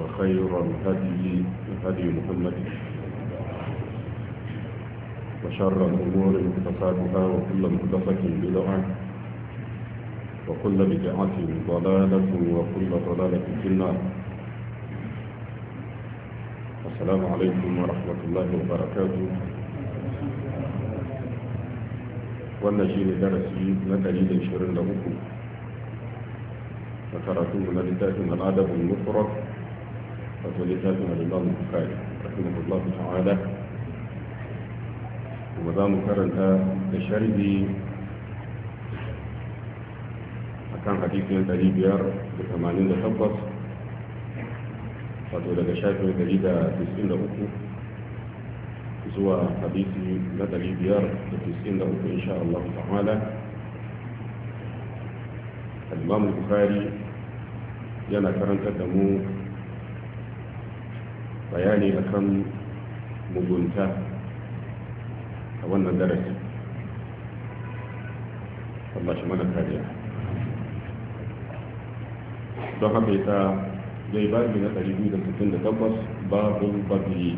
وخير الهدي هدي محمد وشر الأمور محدثاتها وكل محدثة بدعة وكل بدعة ضلالة وكل ضلالة في النار السلام عليكم ورحمة الله وبركاته wannan shi ne darasi na 123 na karatu na littafin al'adabin وتوليتات الإمام البخاري رحمه الله تعالى ومدام كرنتا آه، بشربي كان حديثنا تالي بيار بثمانين لتبص فتولى شافي دليل تسعين لأكو zuwa hadisi na ɗari biyar da tisin da uku insha Allah ta'ala al-imam yana karantar da mu bayani akan mugunta a wannan darasi Allah shi mana kariya don haka ita zai babi na 268 babin babi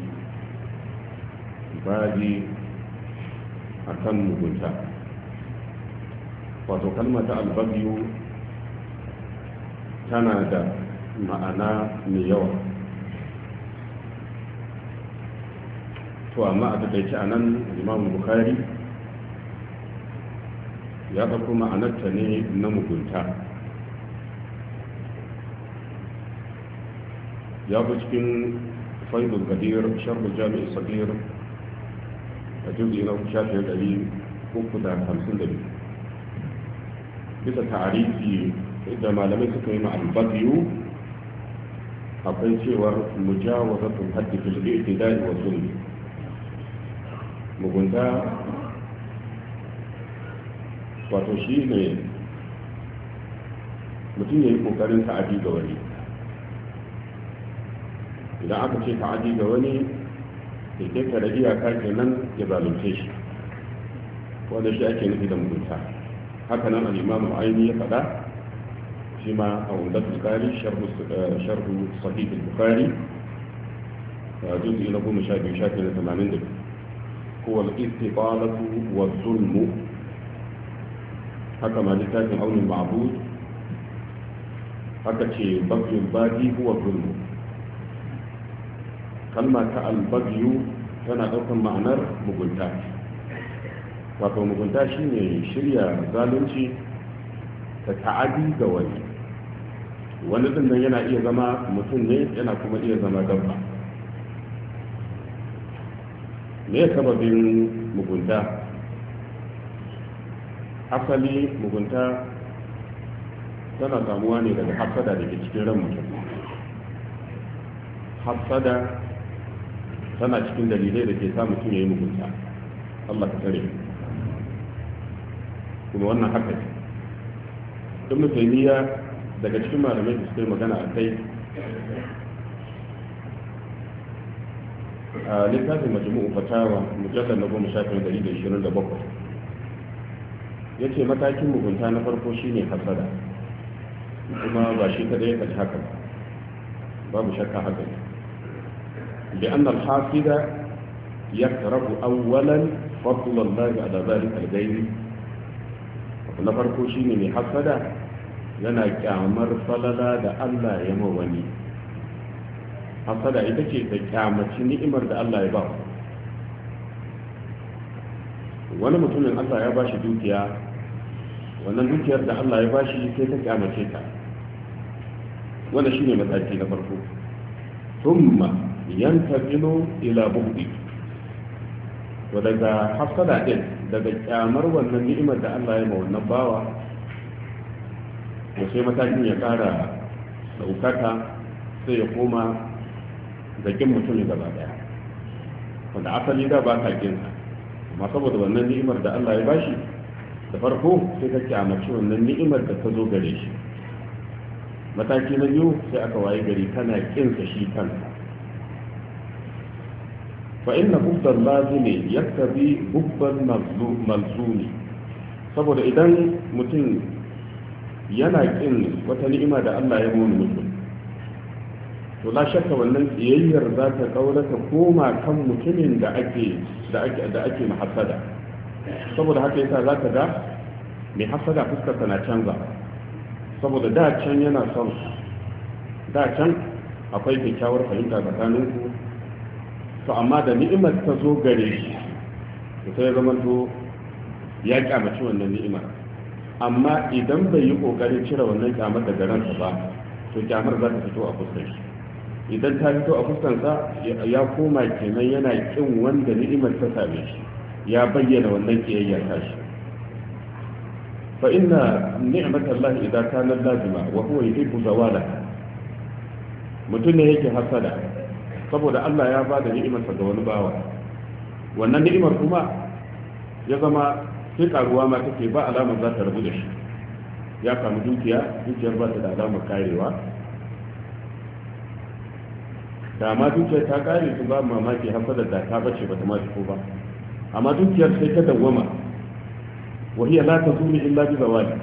babi a kan mugunta wato ta albabiyu tana da ma'ana mai yawa to amma a takaice a nan imamu bukari ya ɗauko ma'anarta ne na mugunta ya fi cikin faidul gadir sharhu jami'in sabir a jirgin na shafiyar ɗari uku da hamsin da biyu bisa tarihi da malamai suka yi ma'albabiyu akwai cewar mujawazatul haddi fil i'tidai wa zulmi mugunta wato shi ne mutum ya yi kokarin ta'adi ga wani idan aka ce ta'adi ga wani da ke tare iyaka nan ya zalunce shi wanda shi ake nufi da mugunta haka nan al'imamu ainihi ya faɗa shi ma a wundar bukari sharhu eh, sahihin bukari a juzi na goma sha biyu sha shafi na tamanin da biyu هو الاستطالة والظلم حكى مالكات عون المعبود حكى بغي الباقي هو الظلم كلمة البغي tana ɗaukar ma'anar mugunta wato mugunta shine shirya zalunci da ta'adi ga wani wani ɗin nan yana iya zama mutum ne yana kuma iya zama dabba me sababin mugunta asali mugunta tana samuwa ne daga Hafsada da ke cikin ran mutum Hafsada tana cikin dalilai da ke sa mutum ya yi mugunta allah ka tare kuma wannan haka ne ibn taymiya daga cikin malamai da suka magana a kai a littafin majmu'u fatawa mujallar na goma shafin dari da ishirin da bakwai ya ce matakin mugunta na farko shine hasada kuma ba shi kada ya faɗi haka babu shakka haka ne. bi anna al-hasida yakrahu awwalan fadl Allah ga zalika al-ghayb na farko shine mai hasada yana kyamar falala da Allah ya ma wani hasada ita ce da kyamaci ni'imar da Allah ya ba wani mutumin Allah ya ba shi dukiya wannan dukiyar da Allah ya ba shi sai ta kyamace ta wanda shi ne mataki na farko thumma yantaqilu ila bughdi wa daga hasada din daga kyamar wannan ni'imar da Allah ya ma wannan bawa to sai matakin ya kara daukaka sai ya koma Zakin mutum ne gaba daya wanda asali da ba ka kin amma saboda wannan ni'imar da Allah ya bashi da farko sai ka ci kyamaci wannan ni'imar da ta zo gare shi mataki na biyu sai aka waye gari kana kin sa shi kanka fa inna hubban lazimi yaktabi hubban malzumi saboda idan mutum yana ƙin wata ni'ima da Allah ya muni mutum to la shakka wannan tsiyayyar za ta kaura ta koma kan mutumin da ake da ake da ake mahasada saboda haka yasa za ka ga mai hasada fuskar ta na canza saboda da can yana son da can akwai kyakkyawar fahimta tsakanin ku to amma da ni'imar ta zo gare shi sai zama to ya kyamaci wannan ni'imar amma idan bai yi kokarin cire wannan kyamar daga ransa ba to kyamar za ta fito a fuskar shi idan ta fito a fuskansa ya koma kenan yana kin wanda ni'imar ta same shi ya bayyana wannan kiyayyar shi. fa inna ni'matallahi idza kana lazima wa huwa yuhibbu zawala mutum ne yake hasada saboda Allah ya bada ni'imarsa ga wani bawa wannan ni'imar kuma ya zama sai karuwa ma take ba alamar za ta rabu da shi ya kamu dukiya dukiyar ba ta da alamar karewa da ma dukiyar ta kare su ba mamaki hafazar da ta bace ba ta ma ko ba amma dukiyar sai ta dawwama wa hiya la illa bi zawali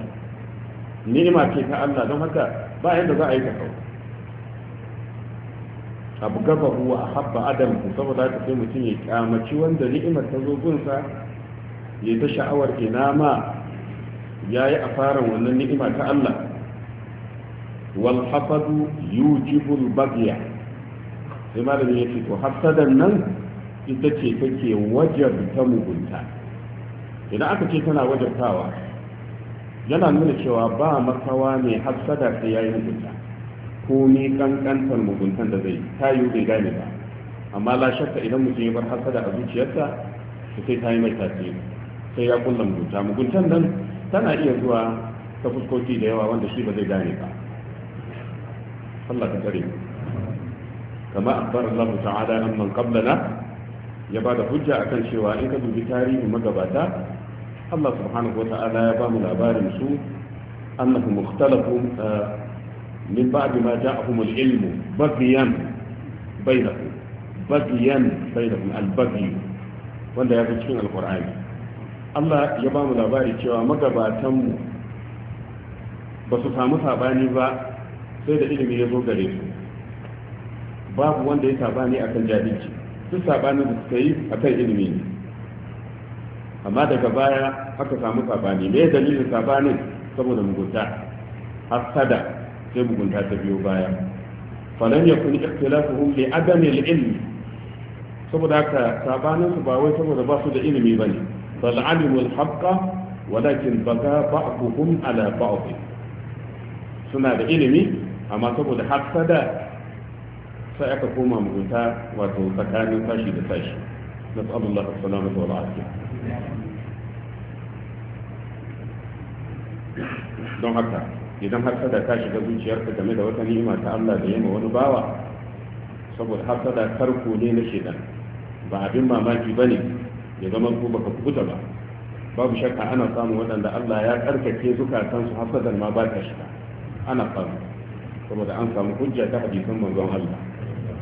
ni'ima ce ta Allah don haka ba yanda za a yi ta kawo abu gaba huwa a habba adam saboda ta sai mutum ya kyamaci wanda ni'imar ta zo gunsa ya ta sha'awar ina ma ya yi fara wannan ni'ima ta Allah wal hafazu yujibul bagya sai malami ya ce to hasadan nan ita ce take wajar ta mugunta idan aka ce tana wajabtawa yana nuna cewa ba makawa mai hasada sai ya yi mugunta ko ni kankantar muguntan da zai ta yi bai gane ba amma la shakka idan mutum ya bar hasada a zuciyarsa su sai ta yi mai tasiri sai ya kulla mugunta muguntan nan tana iya zuwa ta fuskoki da yawa wanda shi ba zai gane ba Allah ka tare mu kama akbar Allah ta'ala amman qablana ya bada hujja akan cewa in ka dubi tarihi magabata Allah subhanahu wata'ala ya bamu labarin su annahum ikhtalafu ah, min ba'd ma ja'ahum al-ilm baghyan wanda ya fi cikin alkur'ani Allah ya bamu labari cewa magabatan mu ba su samu sabani ba sai da ilimi ya zo gare su babu wanda ya sabani akan jahilci duk sabanin da suka yi akan ilimi ne amma daga baya aka samu sabani me dalilin sabanin saboda mugunta hasada sai mugunta ta biyo baya falan yakun ikhtilafuhum li adami al-ilm saboda haka sabanin su ba wai saboda ba su da ilimi bane bal al haqqa walakin baga ba'dhum ala ba'd suna da ilimi amma saboda hasada sai aka koma mugunta wato tsakanin sashi da sashi nas'alullah as-salamata wal afiya don haka idan har sada ta shiga zuciyarka game da wata ni'ima ta Allah da yamma wani bawa saboda har sada tarko ne na shedan ba abin mamaki bane ya zama ko baka kubuta ba babu shakka ana samun waɗanda Allah ya karkace zukatansu hasadan ma ba ta shiga ana samu saboda an samu hujja ta hadisan manzon Allah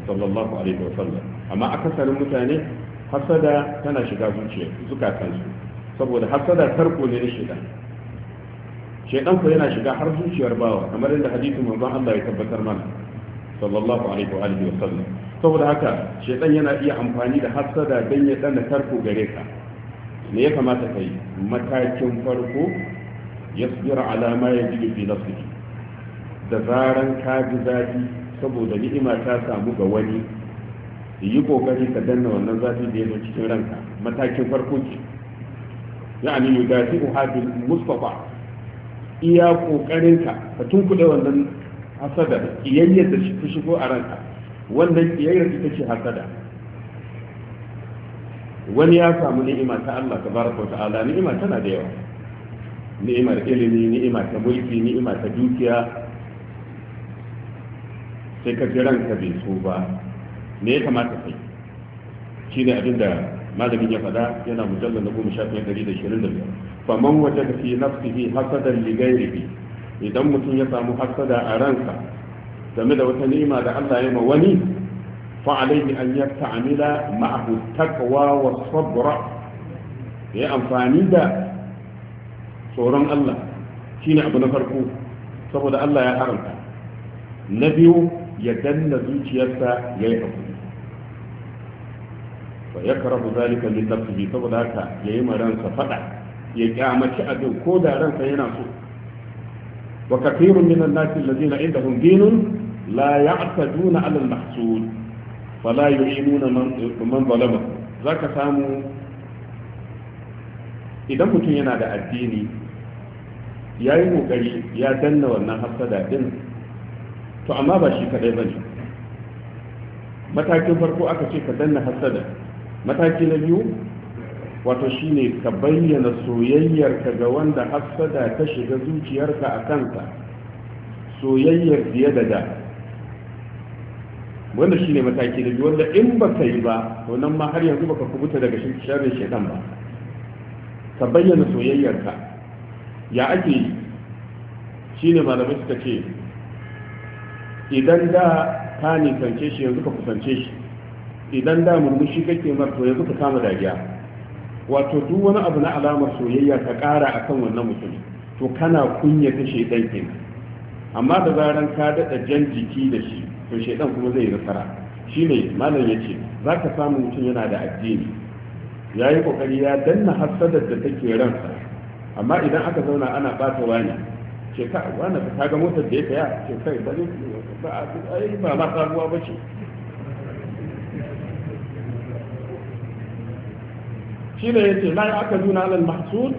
sallallahu alaihi wa sallam amma akasarin mutane hasada tana shiga zuciya zukatansu saboda hasada tarko ne na shaitan shaitan ko yana shiga har zuciyar bawa kamar yadda hadisin manzon Allah ya tabbatar mana sallallahu alaihi wa alihi wa sallam saboda haka shaitan yana iya amfani da hasada dan ya dana tarko gare ka me ya kamata kai matakin farko yasbira ala ma yajidu fi nafsihi da zaran ka ji zafi saboda ni'ima ta samu ga wani yi kokari ka danna wannan zafi da yana cikin ranka matakin farko ce ya'ani yudafi uhabil mustafa iya kokarinka ka tunkuɗe wannan hasada kiyayyar da ta shigo a ranka wannan kiyayyar ita ce hasada wani ya samu ni'ima ta Allah tabaraka wa ta'ala ni'ima tana da yawa ni'imar ilimi ni'ima ta mulki ni'ima ta dukiya sai ka ji ranka bai so ba me ya kamata kai shi ne abin da malamin ya faɗa yana mujallar na goma sha biyar ɗari da shirin da biyar faman waje da fi nafsihi hasadan ligairihi idan mutum ya samu hasada a ransa game da wata ni'ima da Allah ya ma wani fa alaihi an yasta'mila ma'ahu taqwa wa sabra ya amfani da tsoron Allah shine abu na farko saboda Allah ya haramta na biyu ya danna zuciyarsa ya yi haƙuri fa ya karabu zalika min nafsihi saboda haka ya yi ransa faɗa ya kyamaci abin ko da ransa yana so wa kafirun min annasi allazina indahum dinun la ya'taduna 'ala al-mahsud fala yu'inuna man zalama zaka samu idan mutum yana da addini ya yi kokari ya danna wannan hasada din to amma ba shi kadai bane matakin farko aka ce ka danna hasada mataki na biyu wato shine ka bayyana soyayyarka ga wanda hasada ta shiga zuciyarka a kanka soyayyar fiye da da wanda shine mataki na biyu wanda in ba ka yi ba to nan ma har yanzu baka kubuta daga shirin shaitan ba ka bayyana soyayyarka ya ake shine malamai suka ce idan da ka nisance shi yanzu ka kusance shi idan da murmushi kake marto yanzu ka kama dariya wato duk wani abu na alamar soyayya ka kara akan wannan mutum to kana kunya ta shaidan kenan amma da zaran ka daɗa jan jiki da shi to shaidan kuma zai nasara Shi ne, malam ya ce za ka samu mutum yana da addini ya yi kokari ya danna hassadar da take ransa amma idan aka zauna ana ɓata wani ce ka wani ta ga motar da ya kaya ce kai bari ba a ai ba ma sabuwa ba ce shi ne yace la ya'kaduna 'ala al-mahsul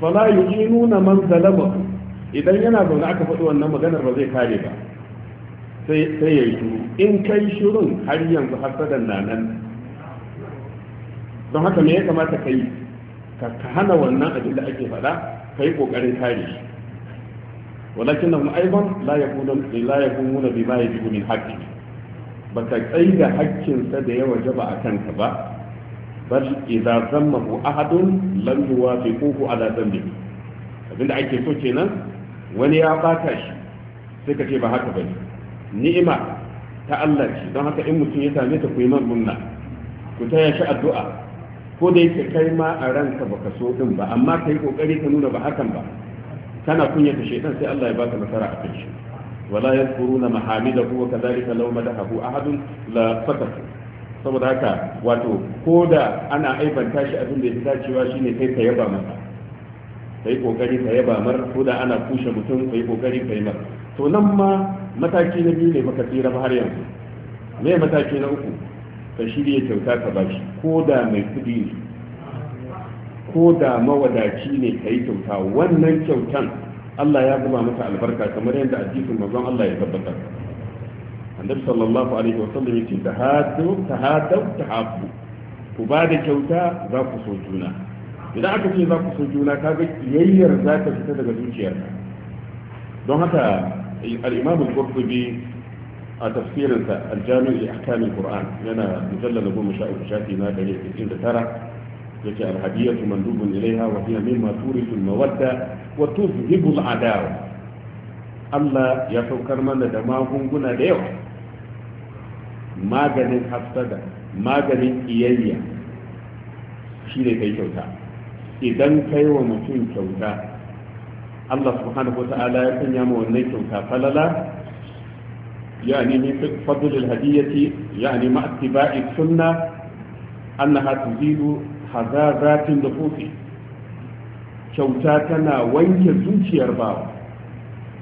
fala nuna man zalama idan yana zaune aka faɗi wannan maganar ba zai kare ba sai sai yi shiru in kai shirun har yanzu hasadan na nan don haka me ya kamata kai ka hana wannan abin da ake faɗa kai kokarin kare shi walakinnahum aidan la yaqulun la yaquluna bima yajibu min haqqi baka tsaida haƙƙin sa da ya wajaba akan ka ba bal idza zammahu ahadun lam yuwafiquhu ala dhanbihi abinda ake so kenan wani ya bata shi sai ka ce ba haka bane ni'ima ta Allah ce don haka in mutum ya same ta ku yi murna ku taya shi addu'a ko da yake kai ma a ranka baka so din ba amma ka yi kokari ka nuna ba hakan ba kana kunyata shaitan sai Allah ya baka nasara a kan shi wala yadhkuruna mahamidahu wa kadhalika law madahu ahadun la fakatu saboda haka wato ko da ana aibanta shi abin da ya dacewa shine kai ka yaba masa kai kokari ka yaba mar ko da ana kushe mutum kai kokari kai mar to nan ma mataki na biyu ne maka tsira har yanzu me mataki na uku ka shirya kyauta ka bashi ko da mai kudi ne ko da mawadaci ne ka yi kyauta wannan kyautan Allah ya zama masa albarka kamar yadda hadisin manzon Allah ya tabbatar annabi sallallahu alaihi wa sallam yace tahaddu tahaddu tahabbu ku ba da kyauta za ku so juna idan aka ce za ku so juna kaga kiyayyar za ta fita daga zuciyarka don haka al-imam al-qurtubi a tafsirinsa al-jami' li ahkam al-qur'an yana mujallal 13 shafi na 199 yace alhadiyatu mandubun ilaiha wa hiya mimma turisu almawadda wa tuzhibu aladawa Allah ya saukar mana da magunguna da yawa maganin hafsada, maganin iyayya shi ne kai kyauta idan kai wa mutum kyauta Allah subhanahu wa ta'ala ya sanya ma wannan kyauta falala yani min fadl al hadiyati yani ma ittiba'i sunnah annaha tuzidu haza zafin da kofi kyauta tana wanke zuciyar bawa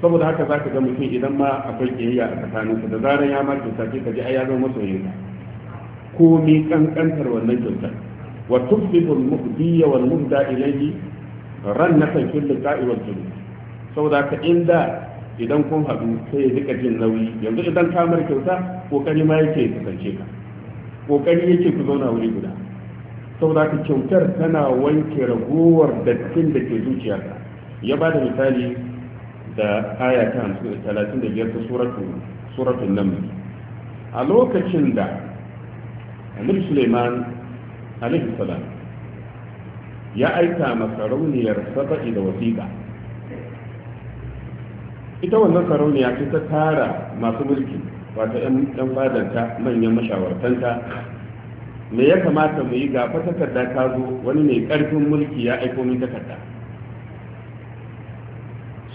saboda haka za ka ga mutum idan ma akwai ƙiyayya a tsakaninsa da zarar ya ma kyauta sai ka ji ai ya zama masoyinka ko me kankantar wannan kyautar wa tuflihu al-muhdiya wal muhda ilayhi rannatan fil liqa'i wal julus saboda haka inda idan kun haɗu sai ya rika jin nauyi yanzu idan kamar kyauta kokari ma yake ya kasance ka kokari yake ku zauna wuri guda saboda ka kyautar tana wanke ragowar dattin da ke zuciya ya ba da misali da aya ta 35 ta suratun nan a lokacin da amir suleiman alaihi ya aika masarauniyar saba'i da wasiƙa ita wannan sarauniya ta tara masu mulki wata 'yan fadanta manyan mashawartanta me ya kamata mu yi gafa takarda ta zo wani mai karfin mulki ya aiko min takarda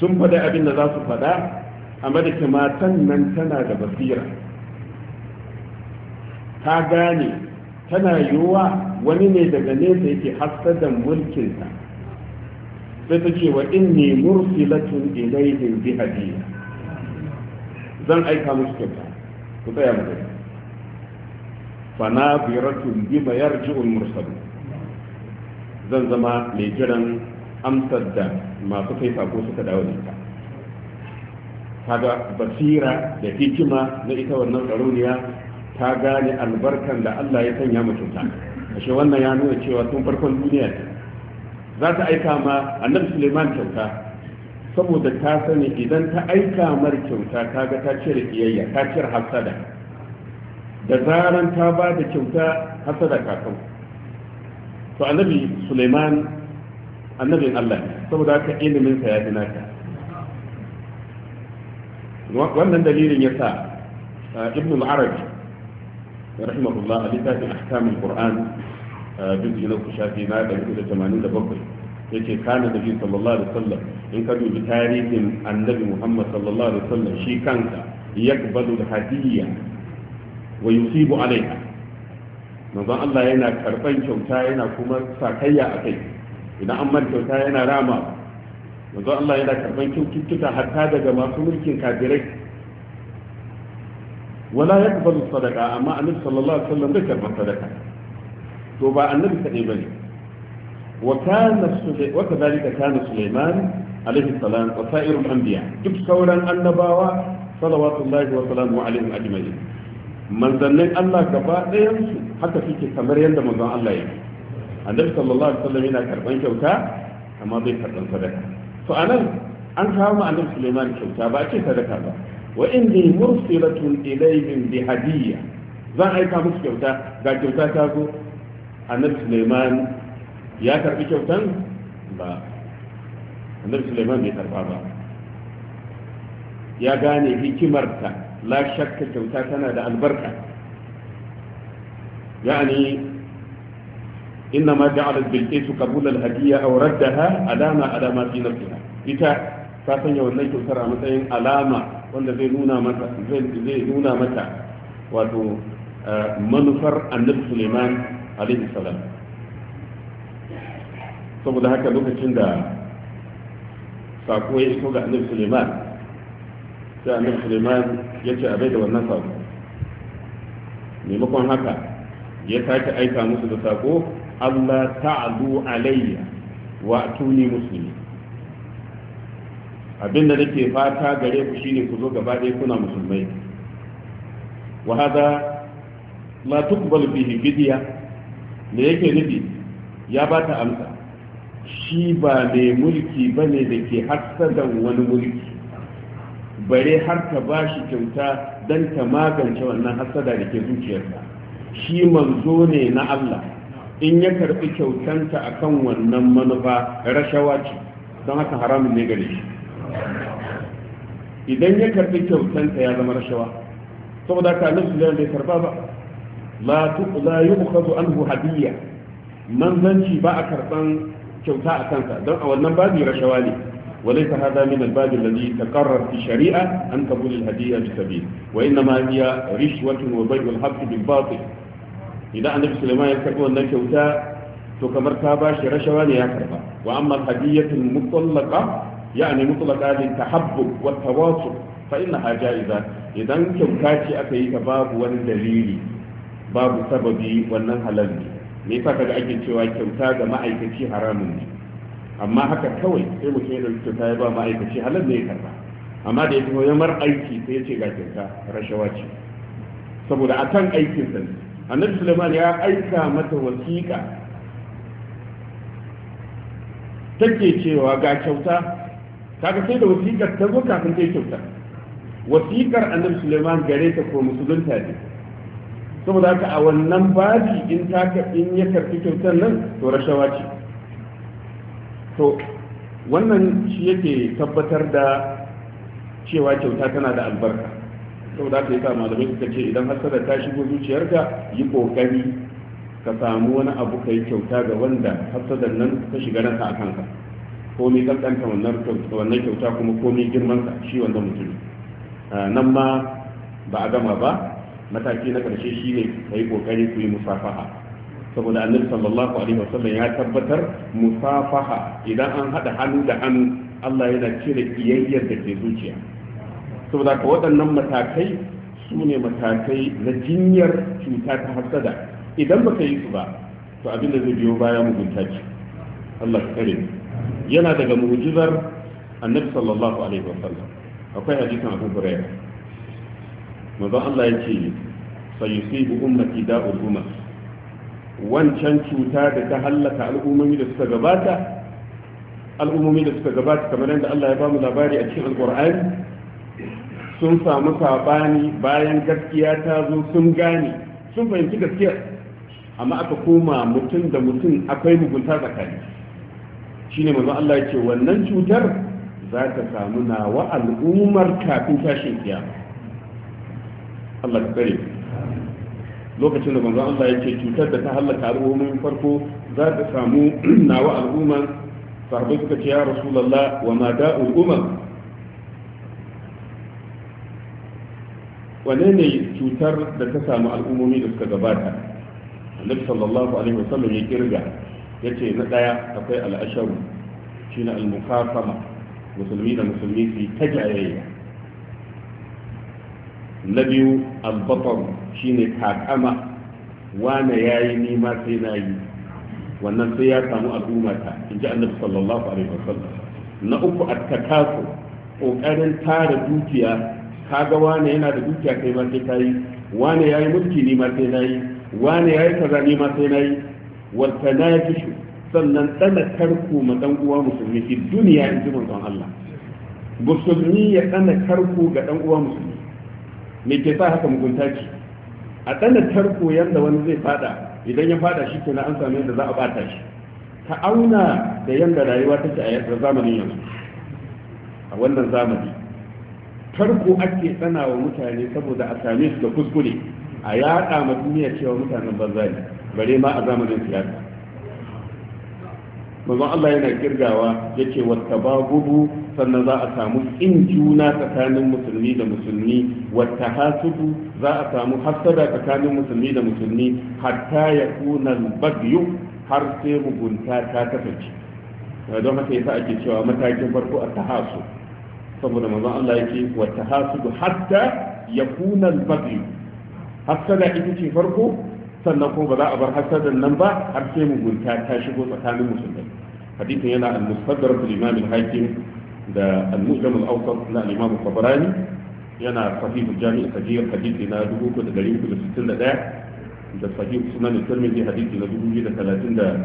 sun faɗa abin da za su faɗa A madaki, matan nan tana da basira ta gane tana yiwuwa wani ne daga nesa yake da mulkinta. sai ta ce wa in ne mursilatun ilaihim bi hadiya zan aika musu kyauta ku tsaya mu gani fanabiratun bima yarji'ul mursalu zan zama mai jiran amsar da masu kai sako suka dawo da ita kaga basira da hikima na ita wannan tsaroniya ta gane albarkan da Allah ya sanya mu mutunta ashe wannan ya nuna cewa tun farkon duniya ne za ta aika ma annabi Suleiman kyauta saboda ta sani idan ta aika mar kyauta kaga ta cire kiyayya ta cire hasada da zaran ta ba da kyauta hasada kakan to annabi suleiman annabin allah saboda haka iliminsa ya fi naka wannan dalilin ya sa uh, ibn al-arabi rahimahullah a littafin ahkamul qur'an uh, juz'i na shafi na ya ce, kana da biyu sallallahu alaihi wasallam in ka dubi tarihin annabi muhammad sallallahu alaihi wasallam shi kanka ya da hadiyya wa yusibu alaiha manzon Allah yana karban kyauta yana kuma sakayya a kai idan an man kyauta yana rama manzon Allah yana karban kyaututtuka hatta daga masu mulkin kafirai wala yaqbalu sadaqa amma annabi sallallahu alaihi wasallam bai karban sadaqa to ba annabi kadai bane wa kana wa kadhalika kana Sulaiman alaihi salam wa sa'irul anbiya duk sauran annabawa salawatullahi wa salamu alaihim ajma'in manzannin Allah gaba ɗayansu haka suke kamar yadda manzon Allah yake annabi sallallahu alaihi wasallam yana karban kyauta amma bai karban sadaka to anan an kawo annabi Sulaiman kyauta ba a ce sadaka ba wa inni mursilatun ilayhim bi hadiyya zan aika musu kyauta ga kyauta ta zo annabi Sulaiman ya karbi kyautan ba annabi Sulaiman bai karba ba ya gane hikimarta la shakka kyauta tana da albarka yani inna ma ja'ala bilqisu qabula al-hadiyya aw raddaha alama alama fi nafsiha ita ta sanya wannan kyautar a matsayin alama wanda zai nuna mata zai nuna mata wato manufar annabi Suleiman alaihi salam saboda haka lokacin da sako ya iso ga annabi Suleiman sai amir suleiman ya ce a bai da wannan saƙo maimakon haka ya sake aika musu da sako allah ta'alu alayya wa tuni musulmi abin da nake fata gare ku shine ku zo gaba ɗaya kuna musulmai wa hada la tuqbalu bihi bidiya me yake nufi ya ba ta amsa shi ba mai mulki bane da ke hassadan wani mulki bare har ta ba shi kyauta don ta magance wannan hasada da ke zuciyarsa shi manzo ne na Allah in ya karɓi kyautanta akan wannan manufa rashawa ce don haka haramun ne gare shi idan ya karɓi kyautanta ya zama rashawa saboda ka nan da bai karba ba la tuqla yu'khadhu anhu hadiyya manzanci ba a karban kyauta a kansa don a wannan babu rashawa ne وليس هذا من الباب الذي تقرر في الشريعة أن تقول الهدية بسبيل وإنما هي رشوة وبيع الحق بالباطل إذا النبي سليمان يكتب أن كوتا تكمر كاباش رشوان يكربا وأما الهدية المطلقة يعني مطلقة للتحبب والتواصل فإنها جائزة إذا كوتاتي أكيد باب والدليل باب سببي والنهلل me yasa kaga ake cewa kyauta ga ma'aikaci haramun ne amma haka kawai sai mutum ya dauki kyauta ya ba ma'aikaci halal ne ya karba amma da ya taho ya mar aiki sai ya ce ga kyauta rashawa ce saboda a kan aikinsa ne annabi suleiman ya aika mata wasiƙa take cewa ga kyauta kaga sai da wasiƙar ta zo kafin ta yi kyauta wasiƙar annabi suleiman gare ta ko musulunta ne saboda haka a wannan babi in ta in ya karfi kyautar nan to rashawa ce to wannan shi yake tabbatar da cewa kyauta tana da albarka saboda ka yi sa malamai suka ce idan hasada ta shigo zuciyarka yi kokari ka samu wani abu ka yi kyauta ga wanda hasadar nan ta shiga nasa a kanka komai kankanta wannan kyauta kuma komai girmansa shi wanda mutum nan ma ba a gama ba mataki na karshe shi ne ka yi ƙoƙari ku yi musafaha saboda annabi sallallahu alaihi wasallam ya tabbatar musafaha idan an hada hannu da hannu Allah yana cire kiyayyar da ke zuciya saboda ka waɗannan matakai su ne matakai na jinyar cuta ta hasada idan baka yi su ba to abin da zai biyo baya mugunta ce Allah ka kare yana daga mu'jizar annabi sallallahu alaihi wasallam akwai hadisin Abu Hurairah manzo Allah ya ce sayusibu ummati da'ul ummah wancan cuta da ta hallaka al'ummomi da suka gabata al'ummomi da suka gabata kamar yadda Allah ya bamu labari a cikin alqur'ani sun samu sabani bayan gaskiya ta zo sun gane sun fahimci gaskiyar amma aka koma mutum da mutum akwai mugunta tsakani shine manzo Allah ya ce wannan cutar za ta samu nawa al'ummar kafin tashin kiyama Allah ka kare lokacin da manzon Allah yake cutar da ta halaka al'ummomin farko za ta samu nawa al'umma sahabbai suka ce ya rasulullah wa ma da'ul umam wane ne cutar da ta samu al'ummomi da suka gabata annabi sallallahu alaihi wasallam ya kirga yace na daya akwai al'asharu shine al-mukafama musulmi da musulmi su ta jayayya na biyu albaton shine kakama wane ya yi nima sai na yi wannan sai ya samu al'ummata in ji annabi sallallahu alaihi wasallam na uku attakasu ƙoƙarin tara dukiya kaga wane yana da dukiya kai ma sai ta yi wane ya yi mulki nima sai na yi wane ya yi kaza nima sai na yi wata na ya sannan tsana tarko ma dan uwa musulmi fi duniya in ji manzon Allah musulmi ya tsana tarko ga dan uwa musulmi me ke sa haka mugunta ce a ɗana tarko yadda wani zai fada idan ya fada shi na an samu yadda za a bata shi ta auna da yadda rayuwa ta ce a zamanin yanzu a wannan zamani tarko ake tsana wa mutane saboda a same su da kuskure a yaɗa ma duniya cewa mutanen banza ne bare ma a zamanin siyasa manzon Allah yana kirgawa yake wattabagubu sannan za a samu in juna tsakanin musulmi da musulmi wattahasudu za a samu hasada tsakanin musulmi da musulmi hatta ya kuna bagyu har sai mugunta ta kasance don haka yasa ake cewa matakin farko a tahasu saboda manzon Allah yake wattahasudu hatta ya kuna bagyu hasada ita ce farko sannan kuma ba za a bar hasadan nan ba har sai mugunta ta shigo tsakanin musulmi. hadisin yana al-mustadrak al-imam al-hakim da al-mujam al-awsat na al-imam al-tabarani yana sahih al-jami' al-kabir hadisi na 3361 da sahih sunan al-tirmidhi hadisi na 2038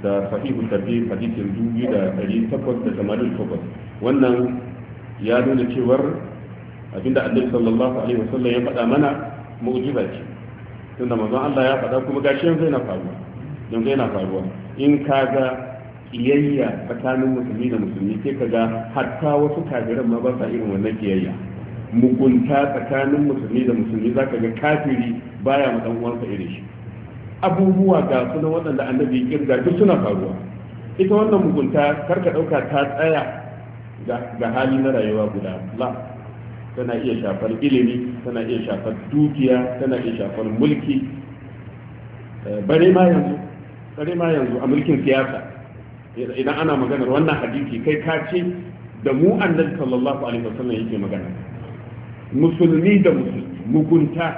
da sahihu tafi hadisin dubu da ɗari takwas da tamanin takwas wannan ya nuna cewar abinda annabi sallallahu alaihi wasallam ya faɗa mana mu'jiza ce tunda manzon Allah ya faɗa kuma gashi yanzu yana faruwa yanzu yana faruwa in ka ga kiyayya tsakanin musulmi da musulmi sai kaga hatta wasu kafiran ma ba sa irin wannan kiyayya mugunta tsakanin musulmi da musulmi za ka ga kafiri baya ma dan uwansa irin shi abubuwa ga suna waɗanda annabi ya kirga duk suna faruwa ita wannan mugunta kar ka ɗauka ta tsaya ga hali na rayuwa guda la tana iya shafar ilimi tana iya shafar dukiya tana iya shafar mulki eh, bare ma yanzu bare ma yanzu a mulkin siyasa idan ana maganar wannan hadisi kai ka ce da mu annabi sallallahu alaihi wasallam yake magana musulmi da musulmi mugunta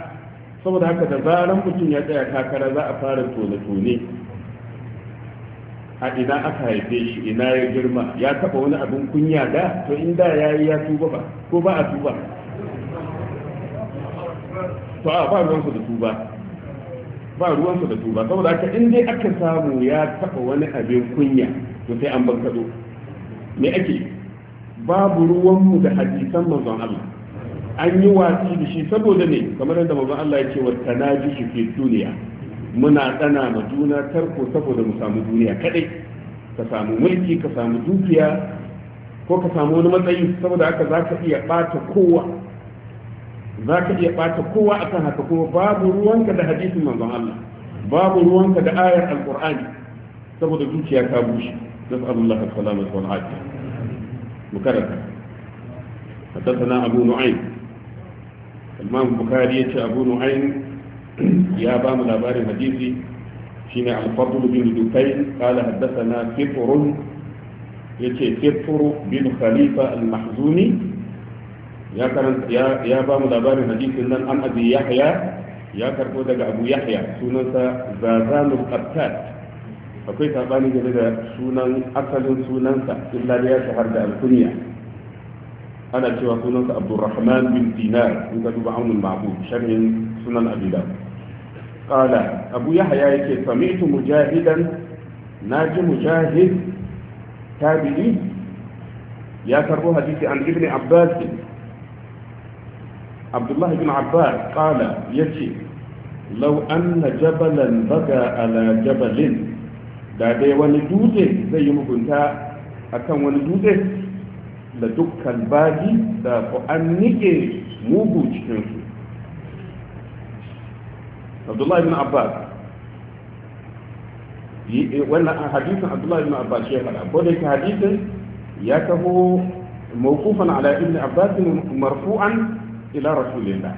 saboda haka da zaran mutum ya tsaya takara za a fara tone-tone a ina aka haife shi ina ya girma ya taba wani abin kunya da to inda ya yi ya tuba ba ko ba a tuba to a ba ruwansu da tuba ba ruwansu da tuba saboda haka in dai aka samu ya taba wani abin kunya to sai an bankado me ake babu ruwanmu da hadisan manzon Allah an yi watsi da shi saboda ne kamar yadda manzon Allah ya ce wa tanaji shi fi duniya muna tsana ma juna tarko saboda mu samu duniya kadai ka samu mulki ka samu dukiya ko ka samu wani matsayi saboda haka za ka iya ɓata kowa za ka iya ɓata kowa akan haka kuma babu ruwanka da hadisin manzon Allah babu ruwanka da ayar alqur'ani saboda dukiya ka bushe نسأل الله السلامة والعافية مكرر حدثنا أبو نعيم الإمام البخاري أبو نعيم يا بام الأبار حديثي شين الفضل بن دكين قال حدثنا فطر يتي فطر بن خليفة المحزوني يا كرنت يا يا بام الأبار حديث أن أم أبي يحيى يا كرتو أبو يحيى سنة زازان القتال akwai sabani game da sunan asalin sunansa illa da ya shahar da alkunya ana cewa sunansa abdurrahman bin dinar in ka duba amul ma'bu sharhin sunan abi dawud qala abu yahya yake sami'tu mujahidan ji mujahid tabi'i ya karbo hadisi an ibn abbas abdullah bin abbas qala ce law anna jabalan baga ala jabalin da dai wani dutse zai yi mugunta a kan wani dutse da dukkan baji da ku an nike mugu cikinsu abdullahi ibn abbas eh, wannan hadisin abdullahi ibn abbas ya faɗa ko da yake hadisin ya taho mawqufan ala ibn abbas marfu'an ila rasulillah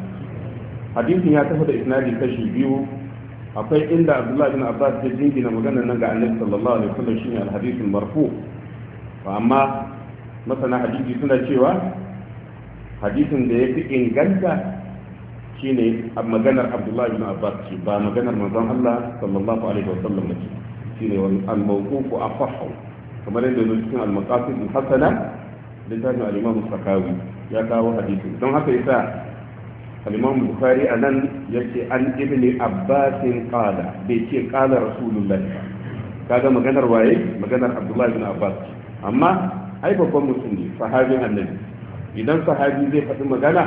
hadisin ya taho da isnadi kashi biyu akwai inda abdullahi bin abbas ya jingina maganar nan ga annabi sallallahu alaihi wasallam shine alhadith marfu fa amma masana hadisi suna cewa hadisin da yafi inganta shine maganar abdullahi bin abbas ce ba maganar manzon Allah sallallahu alaihi wasallam ne shine al-mawqufu afahu kamar yadda yake cikin al-maqasid al-hasana littafin al-imam sakawi ya kawo hadisin don haka yasa al-imam bukhari anan yace an ibn abbas qala bai ce qala rasulullah kaga maganar waye maganar abdullahi ibn abbas amma ai babban mutum ne sahabin annabi idan sahabi zai faɗi magana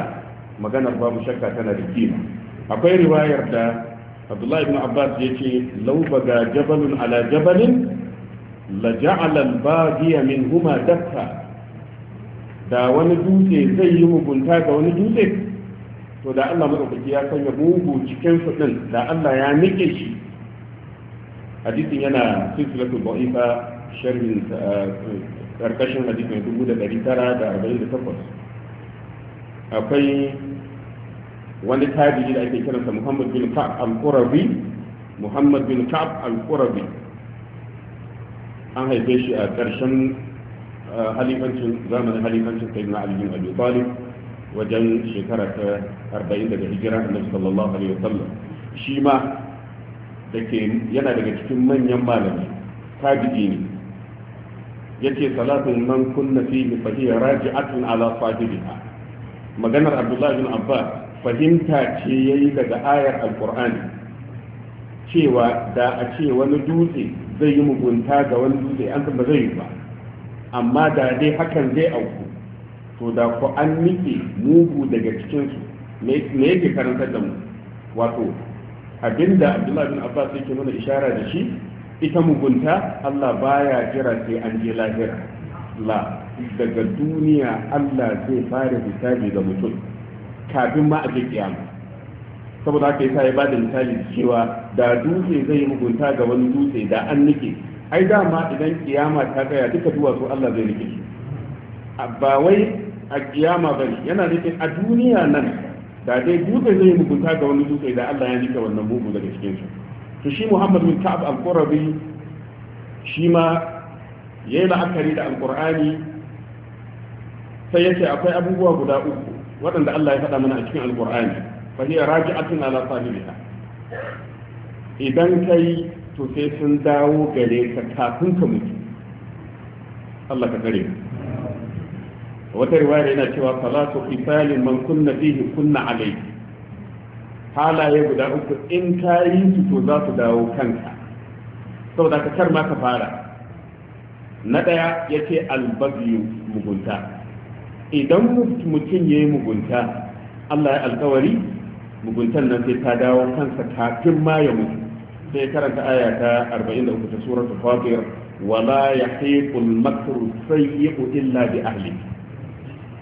maganar babu shakka tana da kima akwai riwayar da abdullahi ibn abbas ya ce laubaga jabalun ala jabalin la ja'alal min huma dakka da wani dutse zai yi mugunta ga wani dutse to da Allah madaukaki ya sanya mugu cikin su din da Allah ya nike shi hadisin yana silsilatu da'ifa sharhin uh, karkashin hadisin takwas akwai wani tabi'i da ake kiransa Muhammad bin Ka'ab al-Qurabi Muhammad bin Ka'ab al-Qurabi an haife shi a ƙarshen uh, halifancin zamanin halifancin kai Ali bin abu Talib wajen shekara ta 40 daga hijira annabi sallallahu alaihi wasallam shi ma dake yana daga cikin manyan malami tabi'i ne yace salatun man kunna fihi fa hiya raji'atun ala sahibiha maganar abdullahi bin abbas fahimta ce yayi daga ayar alqur'ani cewa da a ce wani dutse zai yi mugunta ga wani dutse an ba zai yi ba amma da dai hakan zai auku to da ku an nike mugu daga cikinsu me yake karantar da mu wato abinda abdullahi bin abbas yake nuna ishara da shi ita mugunta allah baya jira sai an je lahira la daga duniya allah zai fara hisabi ga mutum kafin ma a je kiyama saboda haka yasa ya bada misali cewa da dutse zai mugunta ga wani dutse da an nike ai dama idan kiyama ta tsaya duka duwatsu allah zai nike ba wai a kiyama ne yana nufin a duniya nan da dai dutse zai mugunta ga wani dutse da Allah ya nika wannan mugu daga cikin su to shi Muhammad bin Ka'ab al-Qurabi shi ma yayi la'akari da al-Qur'ani sai yace akwai abubuwa guda uku waɗanda Allah ya faɗa mana a cikin al-Qur'ani fa hiya raji'atun ala sahibiha idan kai to sai sun dawo gare ka kafin ka mutu Allah ka kare wata riwaya yana cewa salatu qitalin man kunna fihi kunna alayhi halaye guda uku in ka yi su to za su dawo kanka saboda ka kar ma ka fara na daya yace albaghyu mugunta idan mutum yayi mugunta Allah ya alkawari muguntan nan sai ta dawo kansa kafin ma ya mutu sai karanta aya ta 43 ta suratul fatir wala yahiqul makru sayyi'u illa bi ahlihi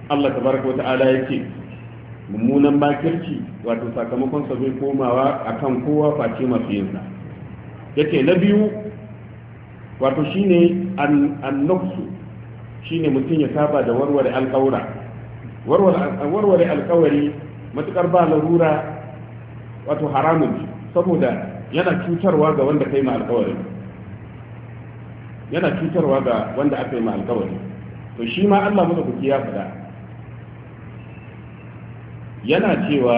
Allah ta baraka wata ala yake mummunan makirci wato sakamakon sa zai komawa akan kowa face masu yinsa. yake na biyu wato shine annaksu shine mutum ya saba da warware alƙawura warware alƙawari matukar ba larura wato haramun saboda yana cutarwa ga wanda kai ma alkawari yana cutarwa ga wanda aka yi ma alkawari to shi ma Allah madaukaki ya faɗa yana cewa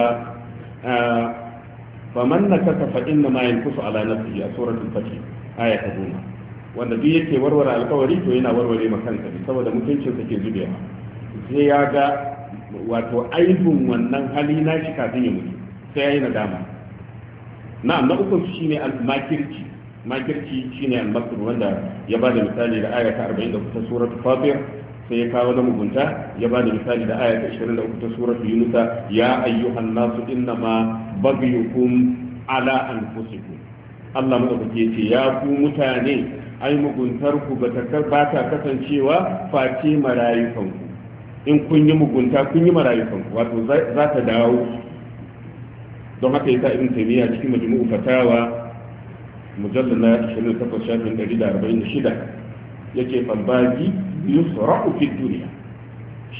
ah, man na kasa faɗin na mayan kusa ala nafsihi a suratul fatih aya ta goma wanda duk yake warware alkawari to yana warware ma kanka ne saboda mutuncin sa ke zubewa sai ya ga wato aibun wannan hali na shi kafin ya mutu sai ya yi nadama na'am na uku shi al-makirci makirci shi al-makr wanda ya ba da misali da ayyata 40 da ta suratul fatir sai ya kawo na mugunta ya ba da misali da aya ta 23 ta surar yunusa ya ayyuhan nasu inna ma bagyukum ala anfusikum Allah madaukake ya ce ya ku mutane ai muguntar ku ba ta kasancewa face marayukan ku in kun yi mugunta kun yi marayukan ku wato za ta dawo don haka yasa ibn taymiya cikin majmu'u fatawa mujallal na 28 shafin 146 yake falbagi yusra'u fi duniya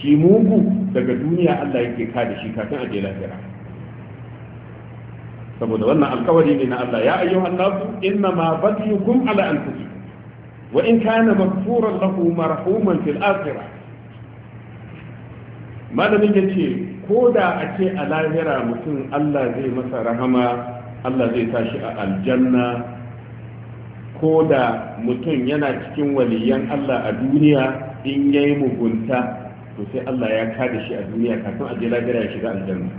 shi mugu daga duniya Allah yake kada shi kafin a je lahira saboda wannan alkawari ne na Allah ya ayyuhan nasu inna ma batyukum ala anfusikum wa in kana maghfuran lahu marhuman fil akhirah malamin yace ko da a ce a lahira mutum Allah zai masa rahama Allah zai tashi a aljanna ko da mutum yana cikin waliyan Allah a duniya in ya yi mugunta to sai Allah ya kada shi a duniya kafin a je lahira ya shiga aljanna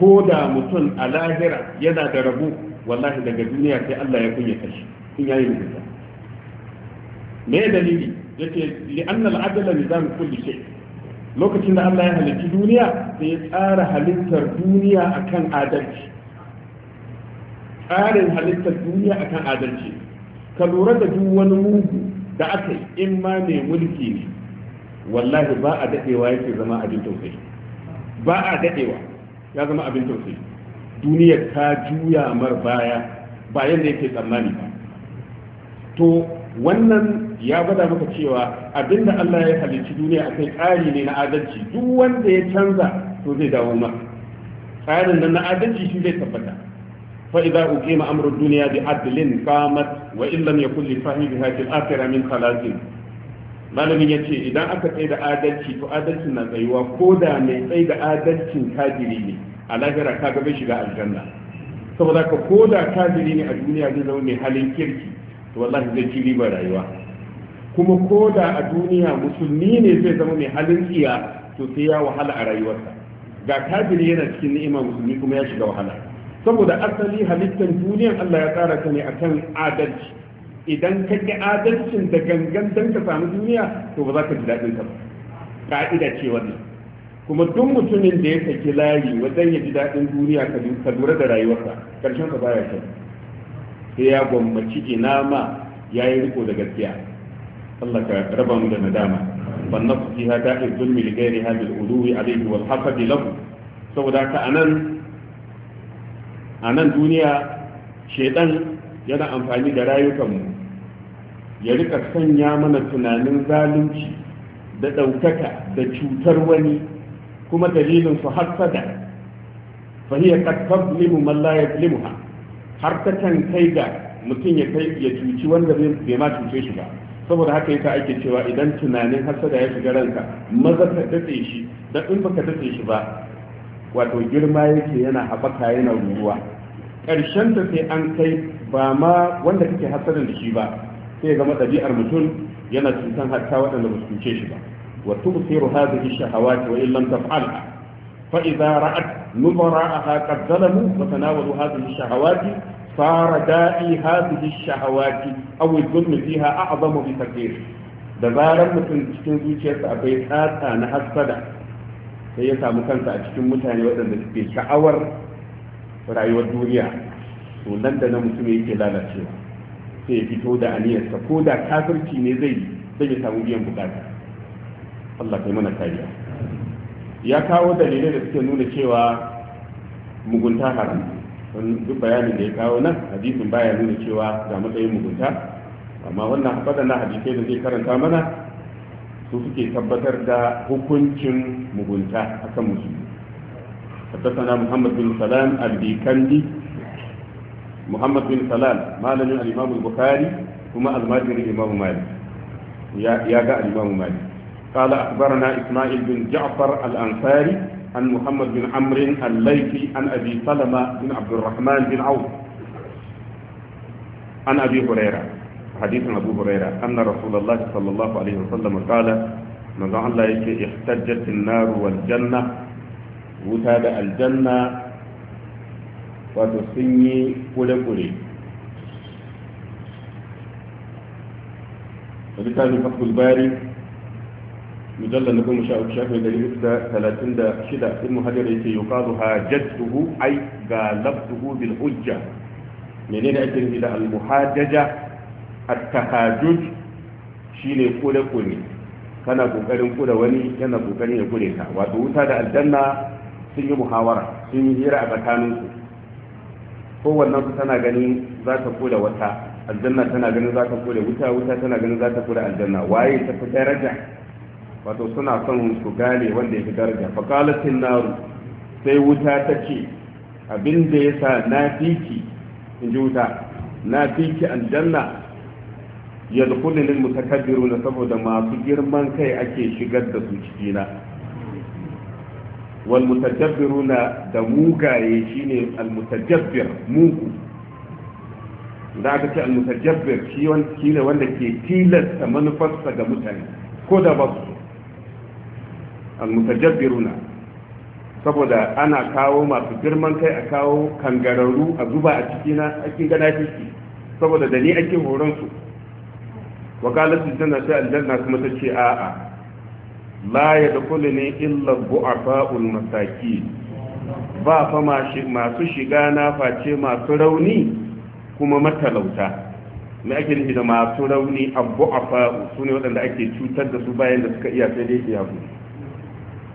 ko da mutum a lahira yana da rabu wallahi daga duniya sai Allah ya kunyata shi in ya yi mugunta me dalili yace li'anna al nizam kulli shay lokacin da Allah ya halitta duniya sai ya tsara halittar duniya akan adalci tsarin halittar duniya a kan adalci ka lura da duk wani mugu da aka yi in ma mai mulki ne wallahi ba a daɗewa yake zama abin tausayi ba a daɗewa ya zama abin tausayi duniya ta juya mar baya ba yadda yake tsammani ba to wannan ya gwada maka cewa abinda Allah ya halicci duniya akai tsari ne na adalci duk wanda ya canza to zai dawo maka tsarin nan na adalci shi zai tabbata فإذا أقيم أمر الدنيا بعدل قامت وإن لم يكن لصاحبها في الآخرة من خلاص malamin ya ce idan aka tsaye da adalci to adalcin na tsayuwa ko da mai tsaye da adalcin kajiri ne a lahira ka gaba shiga aljanna saboda ka ko da kajiri ne a duniya zai zama mai halin kirki to wallahi zai ci riba rayuwa kuma ko da a duniya musulmi ne zai zama mai halin tsiya to sai ya wahala a rayuwarsa ga kajiri yana cikin ni'ima musulmi kuma ya shiga wahala saboda asali halittar duniyan Allah ya tsara ta ne akan adalci idan ka ki adalcin da gangan dan ka samu duniya to ba za ka ji daɗin ka ba ka'ida ce wannan kuma duk mutumin da ya saki layi wajen ya ji daɗin duniya ka lura da rayuwarsa ƙarshen ka baya kyau sai ya gwammaci ina ma ya yi riko da gaskiya Allah ka raba mu da nadama wannan su ji haka zulmi da gairi hadil uluwi alaihi wal hasabi lahu saboda ka anan a nan duniya shaidan yana amfani da rayukanmu ya rika sanya mana tunanin zalunci da ɗaukaka da cutar wani kuma dalilin su hassada fahiyar ƙasar limu mallayar ha, har ta kan kai ga mutum ya kai ya cuci wanda bai ma cuce shi ba saboda haka yasa ake cewa idan tunanin hassada ya shiga ranka maza ka datse shi da in baka datse shi ba wato girma yake yana haɓaka yana ruruwa ƙarshen ta sai an kai ba ma wanda kake hasarin da shi ba sai ga ɗabi'ar mutum yana cutan hatta waɗanda ba su cuce shi ba wa tubsiru hadhihi shahawati wa illam taf'alha fa idza ra'at nubara'aha qad zalamu wa tanawalu hadhihi shahawati sara da'i hadhihi shahawati aw al fiha a'zamu bi takdir da zaran mutum cikin zuciyarsa akwai tsatsa na hasada sai ya samu kansa a cikin mutane waɗanda suke sha'awar rayuwar duniya to nan da na mutum yake lalacewa sai ya fito da aniyarsa ko da kafirci ne zai zai ya samu biyan bukata Allah kai mana kariya ya kawo dalilai da suke nuna cewa mugunta haram duk bayanin da ya kawo nan hadisin baya nuna cewa ga matsayin mugunta amma wannan na hadisai da zai karanta mana su suke tabbatar da hukuncin mugunta akan musulmi حدثنا محمد بن سلام البيكندي محمد بن سلام لنا الإمام البخاري ثم الماجر الإمام مالك يا يا الإمام مالك قال أخبرنا إسماعيل بن جعفر الأنصاري عن محمد بن عمرو الليثي عن أبي سلمة بن عبد الرحمن بن عوف عن أبي هريرة حديث أبو هريرة أن رسول الله صلى الله عليه وسلم قال من الله لا احتجت النار والجنة wuta da aljanna wato sun yi kure-kure da littafin fatul bari mujallar na goma sha uku shafin dari da talatin da shida ibn hajar yake yi kazu hajjatuhu ai ga labduhu bil hujja Mene ne ake nufi da al-muhajjaja at-tahajjud shine kure-kure kana kokarin kure wani yana kokarin ya kure ka wato wuta da aljanna sun yi muhawara sun yi hira a tsakaninsu kowannen su tana ganin za ta kula wata aljanna tana ganin za ta kula wuta wuta tana ganin za ta kula aljanna waye ta fi daraja wato suna son su gane wanda ya fi daraja fakalatin naru sai wuta ta ce abin da ya sa na fiki in ji wuta na fiki aljanna ya zukunin na saboda masu girman kai ake shigar da su cikina wal mutajabbiruna da mugaye shine al mutajabbir mugu da aka ce al mutajabbir shi shine wanda ke tilasta manufarsa ga mutane ko da ba su al mutajabbiruna saboda ana kawo masu girman kai a kawo kangararru a zuba a ciki na cikin gana ciki saboda da ni ake horon su wakalatu janna sai aljanna kuma ta ce a'a la ya dukuli ne illa bu'afa'ul masaki ba fa masu shiga na face masu rauni kuma matalauta me ake nufi da masu rauni abu afa su ne waɗanda ake cutar da su bayan da suka iya sai dai ya bu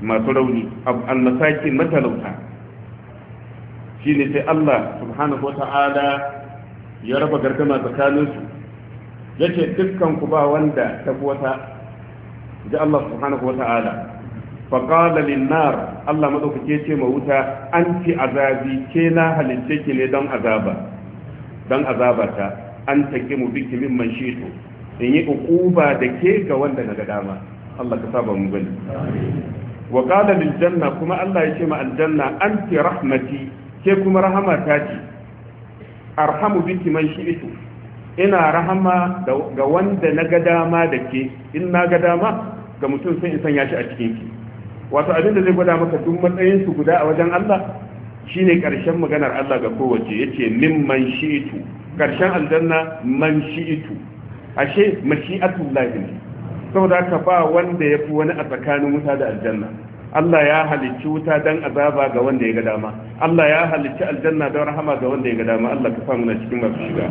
masu rauni al-masakin matalauta shine sai Allah subhanahu wata'ala ya raba gargama tsakaninsu yace dukkan ku ba wanda ta wata ji Allah subhanahu wa ta'ala fa qala lin nar Allah madaukake ce ma wuta anti azabi ke na halitte ki ne don azaba don azaba ta an take mu biki min man shitu in yi ukuba da ke ga wanda na ga dama Allah ka saba mu gani wa qala lil janna kuma Allah ya ce ma Al-Janna aljanna anti rahmati ke kuma rahama ta ce arhamu biki man shitu ina rahama ga wanda na ga dama da ke in na ga dama ga mutum sun isan ya shi a cikin ki wato abin da zai gwada maka duk matsayin su guda a wajen Allah shine karshen maganar Allah ga kowace yace min man shi'itu karshen aljanna man shi'itu ashe mashi'atullahi ne saboda ka ba wanda yafi wani a tsakanin wuta da aljanna Allah ya halicci wuta don azaba ga wanda ya ga dama Allah ya halicci aljanna don rahama ga wanda ya ga dama Allah ka samu na cikin masu shiga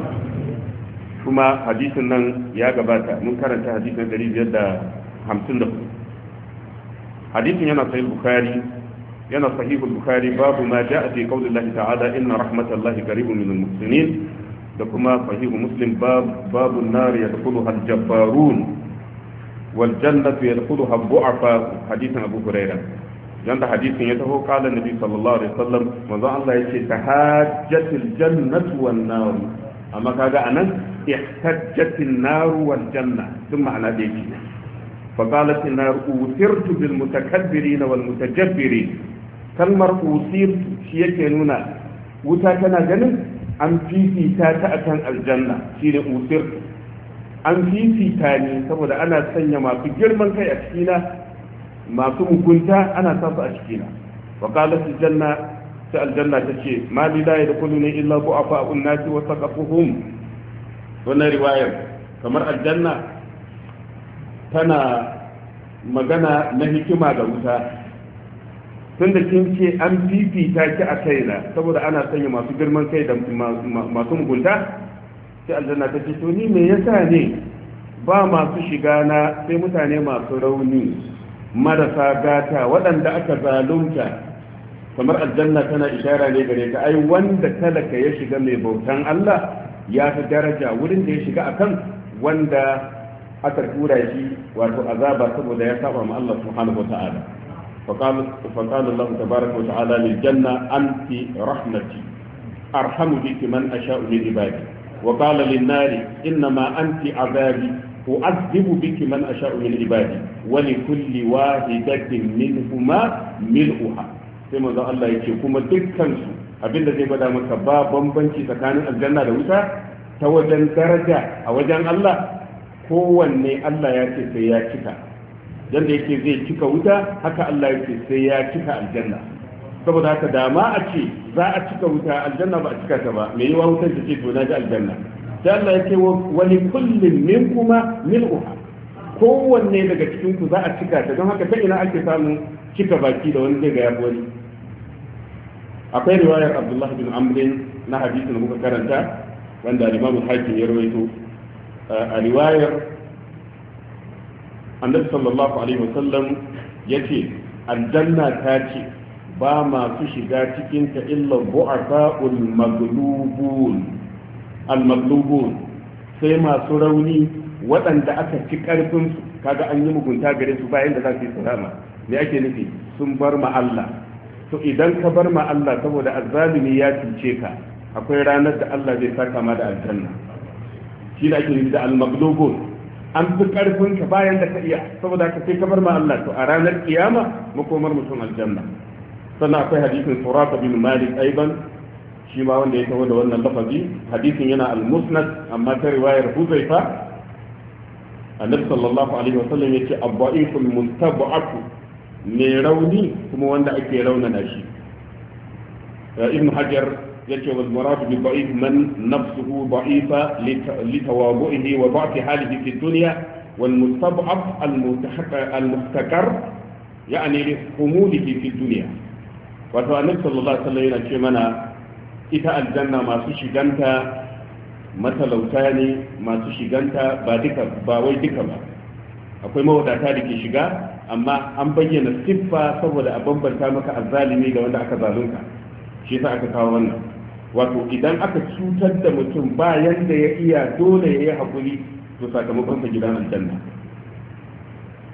kuma hadisin nan ya gabata mun karanta hadisin 500 hamsin da hadisin yana sahih bukhari yana sahih bukhari babu ma ja'a fi qawli Allah ta'ala inna rahmatallahi qaribun minal muhsinin da kuma sahih muslim bab babu nar yadkhuluha al-jabbarun wal jannatu yadkhuluha al-bu'afa hadisin abu hurairah yanda hadisin ya taho kala nabi sallallahu alaihi wasallam manzon Allah yace tahajjatul jannatu wan nar amma kaga anan ihtajjatin nar wal janna duk ma'ana da yake فقالت النار أوثرت بالمتكبرين والمتجبرين كلمة أوثرت شيء كنونا وتا كان جنن أم في في تا تأتن الجنة شيء أوثرت أم في في تاني سبب أنا سنيا ما في جرمان كي أشكينا ما كم كنت أنا سأص أشكينا وقالت الجنة الجنة تشي ما لي لا يدخلني إلا ضعفاء الناس وثقفهم وانا رواية كمر الجنة tana magana na hikima da wuta tun da kin ce an fifita ki a kaina saboda ana sanya masu girman kai da masu mugunta sai aljanna ta ce to ni me yasa ne ba masu shiga na sai mutane masu rauni marasa gata waɗanda aka zalunta kamar aljanna tana ishara ne gare ta ai wanda talaka ya shiga mai bautan Allah ya fi daraja wurin da ya shiga akan wanda aka tura shi wato azaba saboda ya saba ma Allah subhanahu wataala fa qala fa qala Allah tabaaraka wataala lil janna anti arhamu bika man asha'u min ibadi wa qala lin nari inma anti azabi u'adhibu bika man asha'u min ibadi wa li kulli wahidatin minhumma mil'uha sai manzo Allah ya ce kuma dukkan su abinda zai bada maka ba bambanci tsakanin aljanna da wuta ta wajen daraja a wajen Allah kowanne Allah ya ce sai ya cika yadda yake zai cika wuta haka Allah ya ce sai ya cika aljanna saboda haka da ma a ce za a cika wuta aljanna ba a cika ta ba mai yiwa wutar ta ce to na ji aljanna sai Allah ya ce wani kullum min kuma min uha kowanne daga cikin ku za a cika ta don haka ta ina ake samun cika baki da wani zai ga yafi wani akwai riwayar Abdullah bin Amrin na hadisin muka karanta wanda Imam Hakim ya rawaito a riwayar annabi sallallahu alaihi wasallam yace aljanna ta ce ba masu shiga cikin ta illa bu'afa'ul al maglubun sai masu rauni waɗanda aka ci karfin kaga an yi mugunta gare su bayan da za su yi salama me ake nufi sun bar ma Allah to idan ka bar ma Allah saboda azzalimi ya cuce ka akwai ranar da Allah zai saka ma da aljanna shi da ake yi da al an fi karfin ka bayan da ka iya saboda ka sai kamar ma Allah to a ranar kiyama makomar mutum aljanna sannan akwai hadisin suraka bin malik aiban shi ma wanda ya taho da wannan lafazi hadisin yana al amma ta riwayar huzaifa annabi sallallahu alaihi wasallam yace abba'iqul mustab'atu ne rauni kuma wanda ake raunana shi ibn hajar yace wal murad bi da'if man nafsuhu da'ifa li tawabu'ihi wa da'fi halihi fi dunya wal mustab'ab al mutahaqqa al muhtakar yani li humudihi fi mana ita aljanna masu shiganta matalauta ne masu shiganta ba wai duka ba akwai mawadata da ke shiga amma an bayyana siffa saboda a bambanta maka azzalimi da wanda aka zalunta shi yasa aka kawo wannan wato idan aka cutar da mutum bayan da ya iya dole ya yi haƙuri to sakamakon sa gidan aljanna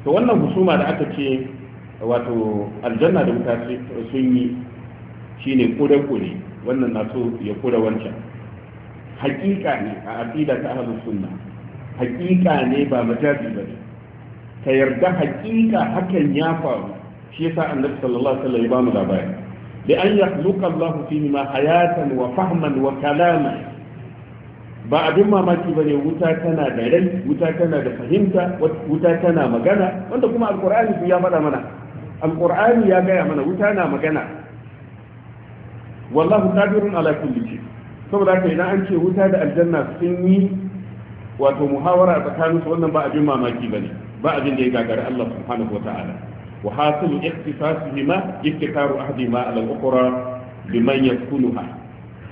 to wannan husuma da aka ce wato aljanna da wuta sun yi shine kure-kure wannan na so ya kura wancan hakika ne a aqida ta ahalin sunna hakika ne ba majazi ba ne ka yarda hakika hakan ya faru shi yasa annabi sallallahu alaihi wasallam ya bamu labari بأن يخلق الله فيهما حياة وفهما وكلاما ba abin mamaki ba wuta tana da rai wuta tana da fahimta wuta tana magana wanda kuma alkur'ani ya faɗa mana alkur'ani ya gaya mana wuta na magana wallahu qadirun ala kulli saboda haka idan an ce wuta da aljanna sun wato muhawara tsakaninsu wannan ba abin mamaki ba ne ba abin da ya gagari Allah subhanahu wa وحاصل اختصاصهما افتكار أحدهما على الأخرى بمن يسكنها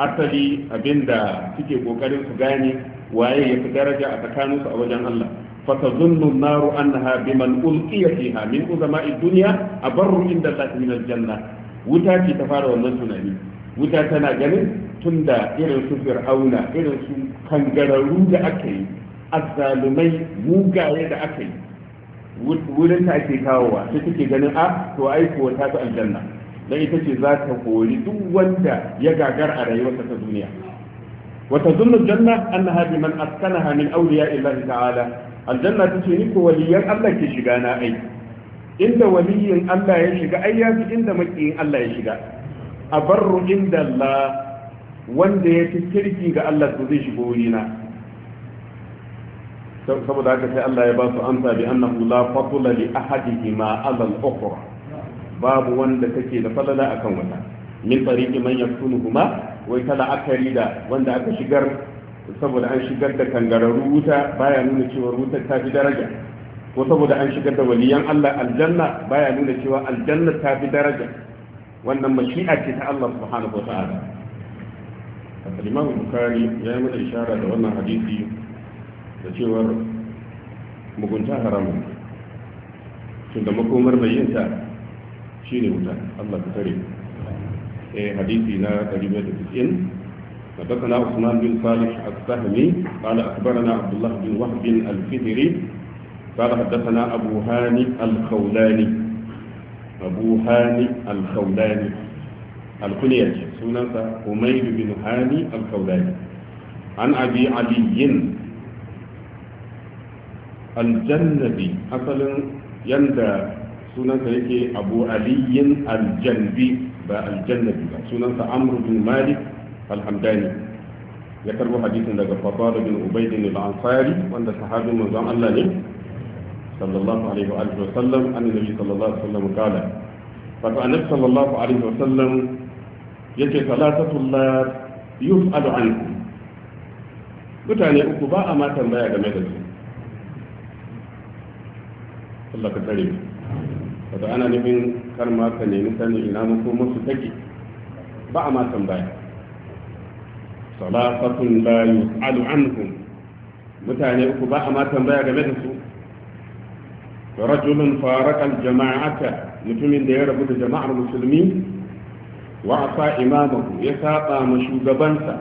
أصلي أبندا تكي قوكارين سجاني waye ya fi daraja a tsakaninsu a wajen Allah fatazunnu naru annaha biman ulqiya fiha min uzama'i dunya abarru inda Allah min aljanna wuta ce ta fara wannan tunani wuta tana ganin tunda irin su fir'auna irin su kangararru da aka yi azzalumai mugaye da aka yi wurin ta ake kawowa sai take ganin a ah, to ai kuwa ta aljanna dan ita ce za ta kori duk wanda ya gagar a rayuwarsa ta duniya wata zunnu janna annaha biman askanaha min awliya illahi ta'ala aljanna tace ni ko waliyan Allah ke shiga na ai inda waliyin Allah ya shiga ai ya fi inda makiyin Allah ya shiga a barru inda Allah wanda ya fi kirki ga Allah to zai shigo wurina saboda haka sai Allah ya ba su amsa bi annahu la fadla li ahadihima ala al-ukhra babu wanda take da falala akan wata min tariqi man yaktunuhuma wai kala akari da wanda aka shigar saboda an shigar da kangararru wuta baya nuna cewa wutar ta fi daraja ko saboda an shigar da waliyan Allah aljanna baya nuna cewa aljanna ta fi daraja wannan mashi'a ce ta Allah subhanahu wa ta'ala al-Imam Bukhari ya yi mana ishara da wannan hadisi da cewar mugunta haramun tun da makomar da yin ta shi ne wuta allah ta tare a eh, hadisi na 1990 da bakana usman bin salih al-sahmi kala akbarana abdullah bin wahbin al-fihiri kala haddasana abu hani al abu hani al-khawlani al-kuniyar sunansa umayyubin hani al-khawlani an abi aliyin aljannabi asalin yanda sunansa yake abu aliyin aljanbi ba aljannabi ba sunansa amru bin malik alhamdani ya karbo hadisin daga fadar bin ubaidin al-ansari wanda sahabin manzon Allah ne sallallahu alaihi wa alihi wa sallam annabi sallallahu alaihi wa sallam kala fa annabi sallallahu alaihi wa sallam yake salatatul la yus'alu anhu mutane uku ba a ma tambaya game da su Allah ka tsare wato ana nufin kar ma ka nemi sanin ina mu ko musu take ba a ma tambaya salafatun la yus'alu anhum mutane uku ba a ma tambaya game da su rajulun farakal jama'ata mutumin da ya rabu da jama'ar musulmi wa asa imamahu ya saba ma shugabansa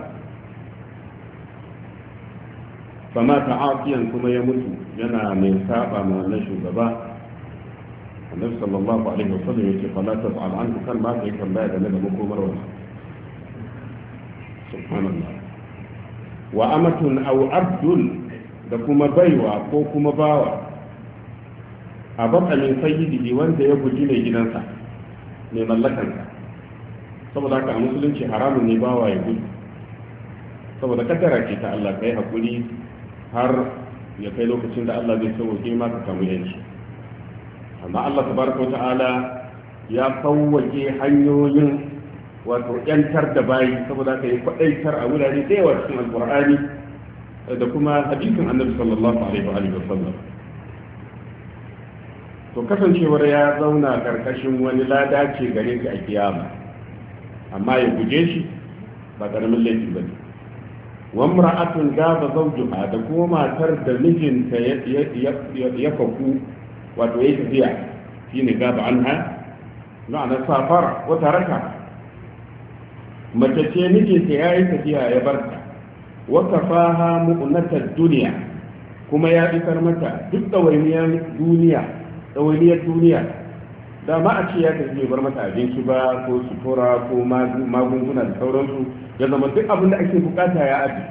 ma ta'afiyan kuma ya mutu yana mai saba ma wannan shugaba annabi sallallahu alaihi wasallam yake fala tas'al an kan ba yi tambaya game da makomar marwa subhanallah wa amatun aw abdun da kuma baiwa ko kuma bawa a baka min sayyidihi wanda ya guji mai gidansa mai mallakansa saboda haka a musulunci haramun ne bawa ya gudu saboda kaddara ce ta Allah kai hakuri har ya kai lokacin da Allah zai sauke maka ka samu amma Allah tabaraka ta'ala ya fawwaje hanyoyin wato yantar da bayi saboda ka yi kwadaitar a wurare da yawa cikin alqur'ani da kuma hadisin annabi sallallahu alaihi wa sallam. to kasancewar ya zauna karkashin wani lada ce gare ka a kiyama amma ya guje shi ba karamin laifi ba ne wa mra'atun gaba zawjuha da kuma matar da mijinta ya faku wato ya tafiya ne gaba an ha ma'ana safara ko taraka mace ce ta ya yi tafiya ya ta wa faha mu'natar duniya kuma ya isar mata duk ɗawainiyar duniya ɗawainiyar duniya da ma a ce ya tafi bar mata abinci ba ko sutura ko magunguna da sauransu ya zama duk abin da ake bukata ya abi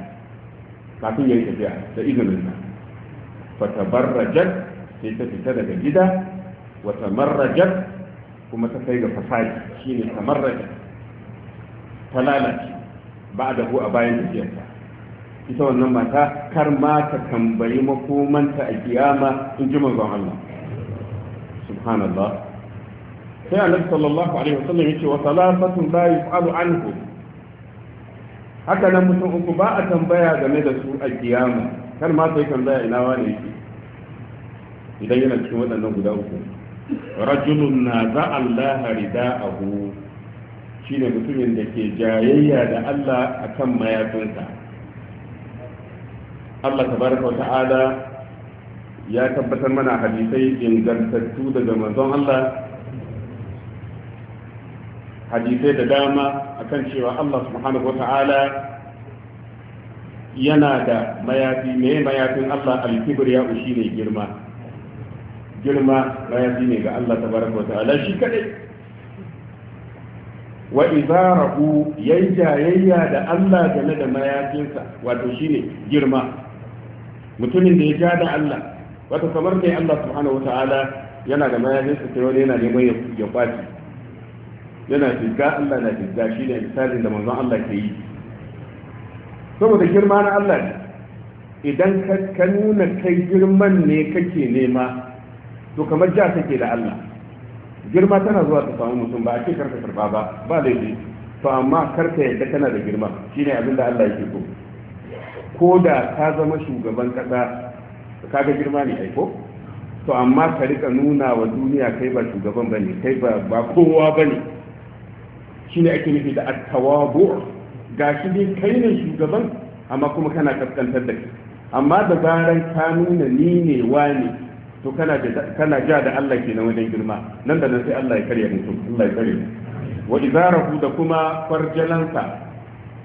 kafin ya yi tafiya da izinin barra fatabarrajat sai ta fita daga gida wa tamarrajat kuma ta kai ga fasadi shine tamarrajat ta lalace ba da a bayan tafiyarta ita wannan mata kar ma ta tambayi makomanta a kiyama in ji manzon Allah subhanallah sai annabi sallallahu alaihi wasallam yace wa salafatun la yuf'alu anhu haka nan mutum uku ba a tambaya game da su a kiyama kar ma sai tambaya ina wani yake idan yana cikin waɗannan guda uku rajulun na za Allah Shi shine mutumin da ke jayayya da Allah akan mayafinsa Allah baraka wa ta'ala ya tabbatar mana hadisai ingantattu daga manzon Allah hadisai da dama akan cewa Allah subhanahu wa ta'ala yana da mayafi mai mayafin Allah alkibriya shi ne girma girma mayafi ne ga Allah Ta tabaraka wa ta'ala shi kaɗai. wa izarahu yayi jayayya da Allah game da mayafinsa wato shi ne girma mutumin da ya ja da Allah Wata kamar ne Allah subhanahu wa ta'ala yana da mayafinsa sai wani yana neman ya kwaci yana shiga Allah na shiga shi ne misalin da manzon Allah ke yi saboda girma na Allah ne idan ka nuna kai girman ne kake nema to kamar ja take da Allah girma tana zuwa ta samu mutum ba a ce karka karba ba ba laifi to amma karka yadda tana da girma shine abin da Allah yake so ko da ka zama shugaban kasa ga girma ne aiko to amma ka rika nuna wa duniya kai ba shugaban bane kai ba ba kowa bane shine ake nufi da at-tawabu gashi dai kai ne shugaban amma kuma kana kaskantar da kai amma da zaran ka nuna ni ne wani to kana ja da Allah ke na wajen girma nan da nan sai Allah ya karya mutum Allah ya karya wa izarahu da kuma farjalansa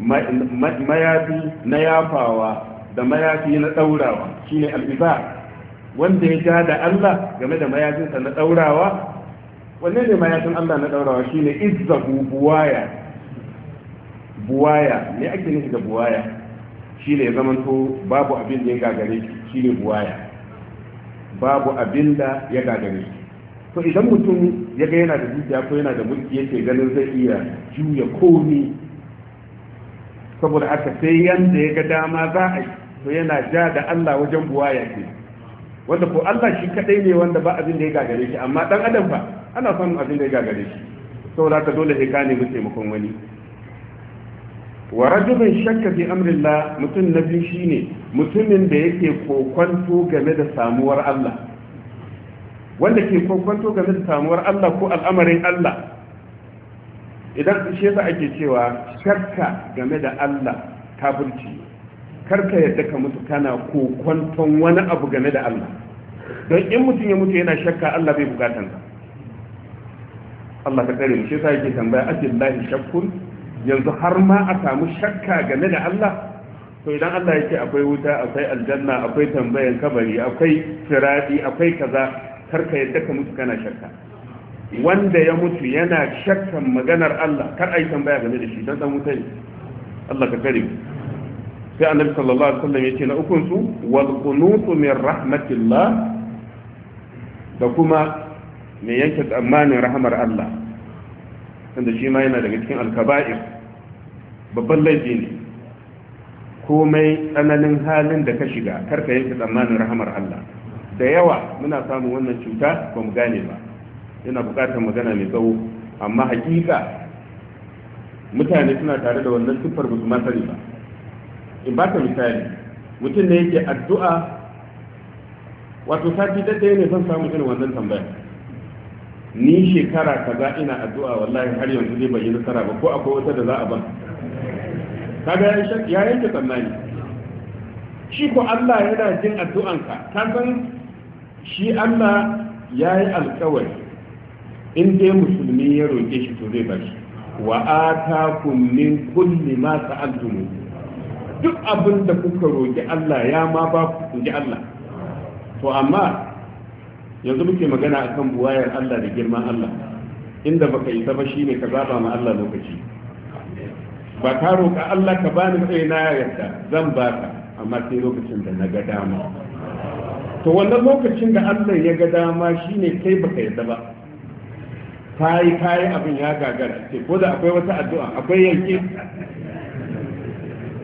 mayafi na yafawa da mayafi na daurawa shine al-izar wanda ya ja da Allah game da mayafinsa na daurawa wanne ne mayafin Allah na daurawa shine izzahu buwaya buwaya me ake nufi da buwaya shine ya zamanto babu abin da ya gagare shi shine buwaya babu abin da ya gagare to idan mutum ya ga yana da dukiya ko yana da mulki yake ganin zai iya juya komi saboda haka sai yanda ya ga dama za a yi to yana ja da Allah wajen buwaya ke wanda ko Allah shi kadai ne wanda ba abin da ya gagare shi amma dan adam ba ana samun abin da ya gagare shi saboda haka dole sai ka nemi taimakon wani wa rajulun shakka fi amrillah mutum na biyu shine mutumin da yake kokwanto game da samuwar Allah wanda ke kokwanto game da samuwar Allah ko al'amarin Allah idan shi yasa ake cewa shakka game da Allah kafirci karka yadda ka mutu kana kokwanton wani abu game da Allah don in mutum ya mutu yana shakka Allah bai bukatansa Allah ka tare shi yasa yake tambaya ajillahi shakkun yanzu har ma a samu shakka game da Allah to idan Allah yake akwai wuta akwai aljanna akwai tambayan kabari akwai firadi, akwai kaza kar ka yadda ka mutu kana shakka wanda ya mutu yana shakkan maganar Allah kar ai tambaya game da shi dan dan wuta ne Allah ka kare sai annabi sallallahu alaihi wasallam yace na ukun su wal qunutu min rahmatillah da kuma mai yake tsammanin rahmar Allah tunda shi ma yana daga cikin alkaba'ir babban laifi ne komai tsananin halin da ka shiga kar ka yanke tsammanin rahamar Allah da yawa muna samun wannan cuta ba mu gane ba yana bukatar magana mai tsawo amma hakika mutane suna tare da wannan siffar ba su ma sani ba in baka misali mutum ne yake addu'a wato sati da ɗaya ne zan samu irin wannan tambaya ni shekara kaza ina addu'a wallahi har yanzu zai bayyana yi ba ko akwai wata da za a ban kaga ya yanke tsammani shi ko Allah yana jin addu'anka ka san shi Allah ya yi alkawari in dai musulmi ya roƙe shi to zai bashi wa atakum min kulli ma sa'altum duk abin da kuka roƙi Allah ya ma ba ku Allah to amma yanzu muke magana akan buwayar Allah da girman Allah inda baka yi ba shine ka zaba ma Allah lokaci ba ka roƙa Allah ka bani mai eh, na yarda zan ka, amma sai lokacin da na ga dama to wannan lokacin da Allah ya ga dama shine kai baka yarda ba kayi kayi abin ya gagara ce ko da akwai wata addu'a akwai yanke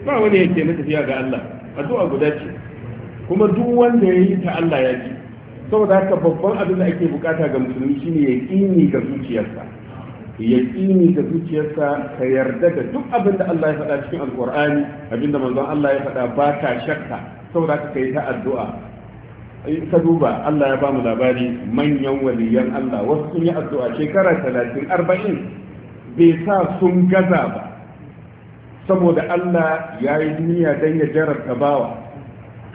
ba wani yanke na tafiya ga Allah addu'a guda ce kuma duk wanda ya yi ta Allah ya ji saboda haka babban abin da ake bukata ga musulmi shine ya kini ga zuciyarsa ya kini ga zuciyarsa ka yarda da duk abin da Allah ya faɗa cikin alkur'ani abin da manzon Allah ya faɗa ba ka shakka saboda haka kai ta addu'a ka duba Allah ya bamu labari manyan waliyan Allah wasu sun yi addu'a shekara talatin arba'in bai sa sun gaza ba saboda Allah ya yi duniya don ya jarabta bawa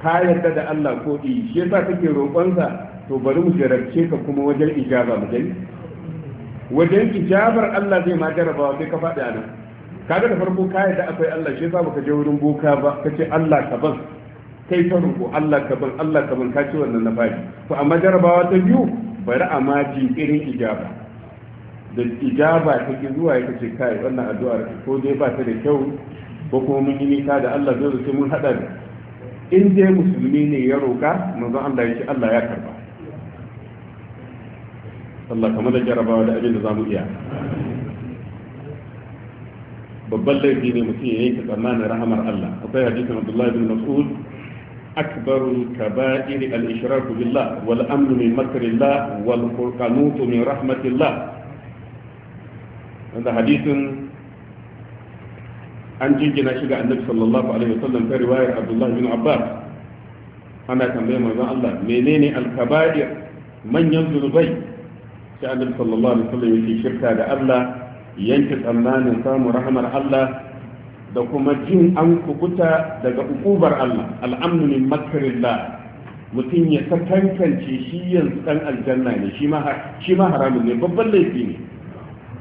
ka yarda da Allah ko i shi yasa kake roƙonsa to bari mu jarabce ka kuma wajen ijaba mu gani wajen ijabar Allah zai ma jarabawa sai ka faɗi a anan kaga da farko ka yadda akwai Allah shi yasa baka je wurin boka ba ka ce Allah ka ban kai ta ruku Allah ka ban Allah ka ban ka ce wannan na faɗi to amma jarabawa ta biyu bari a ma jinkirin ijaba da ijaba ta ki zuwa ya kace kai wannan addu'ar ko dai ba ta da kyau ko kuma mun yi nisa da Allah zai zo mun hada in dai musulmi ne ya roka manzon Allah ya ce Allah ya karba Allah kamar da jarabawa da abin da za mu iya babban laifi ne mutum ya yanke tsammanin rahamar Allah akwai hadisin Abdullahi bin Mas'ud أكبر الكبائر الإشراك بالله والأمن من مكر الله والقنوط من رحمة الله هذا حديث عن جنجنا شجع النبي صلى الله عليه وسلم في رواية عبد الله بن عباس أنا كان بيما الله منين الكبائر من ينزل بي sai annabi sallallahu alaihi wasallam yake shirka da Allah yanke tsammanin samun rahmar Allah da kuma jin an daga ukubar Allah al'amnu min makarillah mutum ya tantance shi yanzu dan aljanna ne shi ma haramun ne babban laifi ne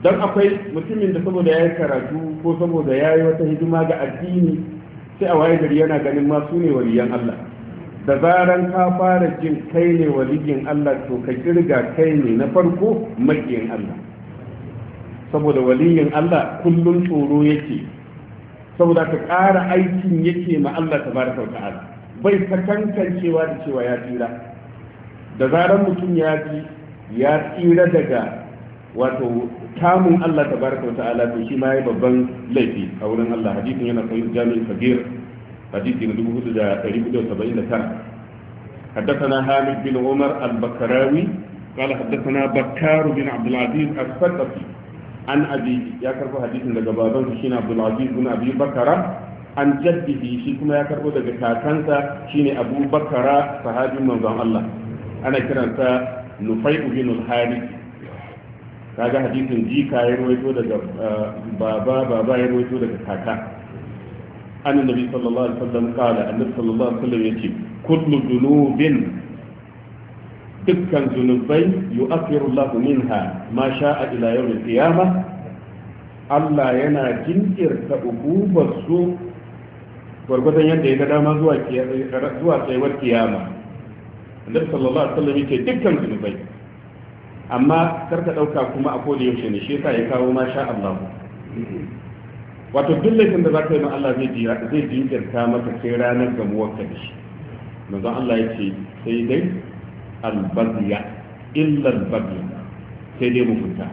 dan akwai mutumin da saboda ya yi karatu ko saboda ya yi wata hidima ga addini sai a waye gari yana ganin ma ne waliyan Allah da zaran ka fara jin kai ne waligin Allah to ka kirga kai ne na farko makiyin Allah saboda waliyin Allah kullum tsoro yake saboda ka ƙara aikin yake ma Allah tabaraka wa ta'ala bai sakankancewa da cewa ya tsira da zaran mutum ya ji ya tsira daga wato kamun Allah tabaraka wa ta'ala to shi ma ya babban laifi a wurin Allah hadisin yana kai jami'in kabir hadisi na 4479 حدثنا حامد بن عمر البكراوي قال حدثنا بكار بن عبد العزيز الثقفي عن ابي يا كربو حديث من بابان شين عبد العزيز بن ابي بكر عن جده شي كما يا كربو daga kakansa shine Abu Bakara sahabin manzon Allah ana kiransa Nufai bin al-Harith kaga hadisin jika ya rawaito daga baba baba ya rawaito daga kaka an nabi sallallahu alaihi wasallam kala annabi sallallahu alaihi wasallam yace kullu dunubin dukkan zunubai yu'akhiru Allah minha ma sha'a ila yawm al-qiyamah Allah yana jinkirta ukubar su gwargwadon yadda ya ga dama zuwa zuwa tsayuwar kiyama annabi sallallahu alaihi wasallam yace dukkan zunubai amma karka dauka kuma a koda yaushe ne shi yasa ya kawo ma sha Allah wato duk laifin da za ka yi ma Allah zai jira zai jinkirta maka sai ranar gamuwar ka da shi manzo Allah ya ce sai dai albaziya illa albaziya sai dai mutunta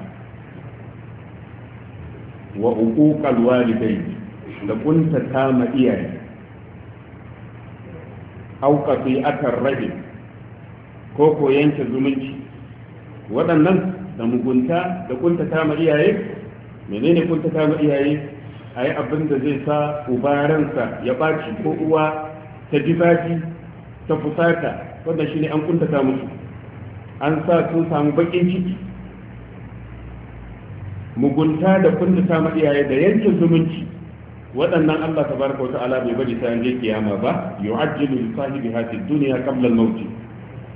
wa uquqal walidayn da kunta tama iyaye au qati'atar rahim ko ko yanke zumunci waɗannan da mugunta da kunta tama iyaye menene kunta tama iyaye a yi abin da zai sa ubaransa ya ɓaci ko uwa ta ji zafi ta fusata wadda shi ne an kuntata musu an sa sun samu baƙin ciki mugunta da kuntata ma da yankin zumunci waɗannan Allah Ta baraka wata ala bai bari sa an je kiyama ba yu'ajjilu li sahibi hadhihi duniya qabla al-maut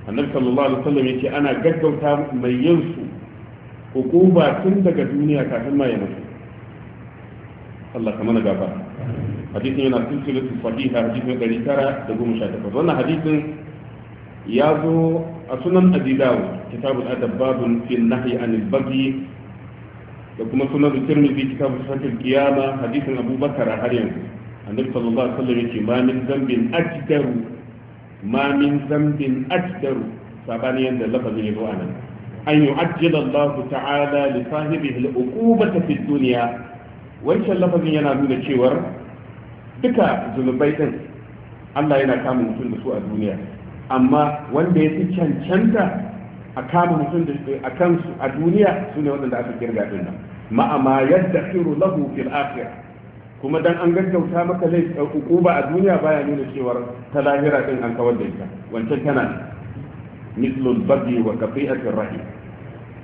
annabi sallallahu alaihi wasallam yace ana gaggauta mai yin su hukuma tun daga duniya kafin ma ya mutu Allah ka mana gafara hadisin yana silsilatu sahiha hadisin 918 wannan hadisin ya zo a sunan Abi Dawud kitabul adab babun fi nahyi anil baghi da kuma sunan Tirmidhi kitabul fatil qiyama hadisin abubakar Bakar har yanzu annabi sallallahu alaihi wasallam yake ma min zambin ajdaru ma min zambin ajdaru sabani yanda lafazin yazo anan an yu'ajjila Allah ta'ala li sahibihi al-uqubata fi dunya wancan lafazin yana nuna cewar duka zunubai din Allah yana kama mutum da su a duniya amma wanda ya fi cancanta a kama mutum da su a kansu a duniya su ne waɗanda aka kirga din nan ma'ama yadda firu lahu fil akhirah kuma dan an gaggauta maka laifi ba eh, a duniya baya nuna cewar ta lahira din an kawar da ita wancan tana mislul baghi wa kafi'atir rahim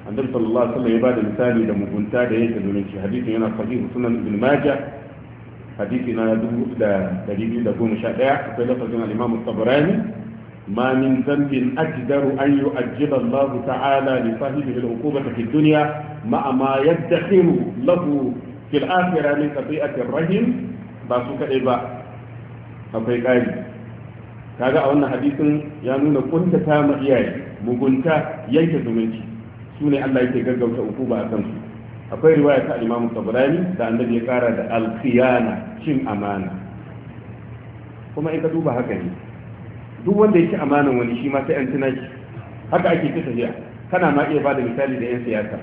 annabi sallallahu alaihi wasallam ya bada misali da mugunta da yake domin shi yana sahihu sunan ibn majah hadisi na 2211 akwai lafazin al-imam tabarani ma min zambin ajdaru an yu'ajjiba Allah ta'ala li sahibi al-uqubata fi dunya ma ma yadhhimu lahu fi al-akhirah min qati'ati rahim ba su kade ba akwai kai kaga a wannan hadisin ya nuna kunta ta iyaye mugunta yanke zumunci su ne Allah yake gaggauta hukuma a kansu akwai riwaya ta imamu Tabrani da annabi ya kara da al cin amana kuma in ka duba haka ne duk wanda yake amanan wani shi ma sai an tuna shi haka ake ta tafiya kana ma iya bada misali da yan siyasa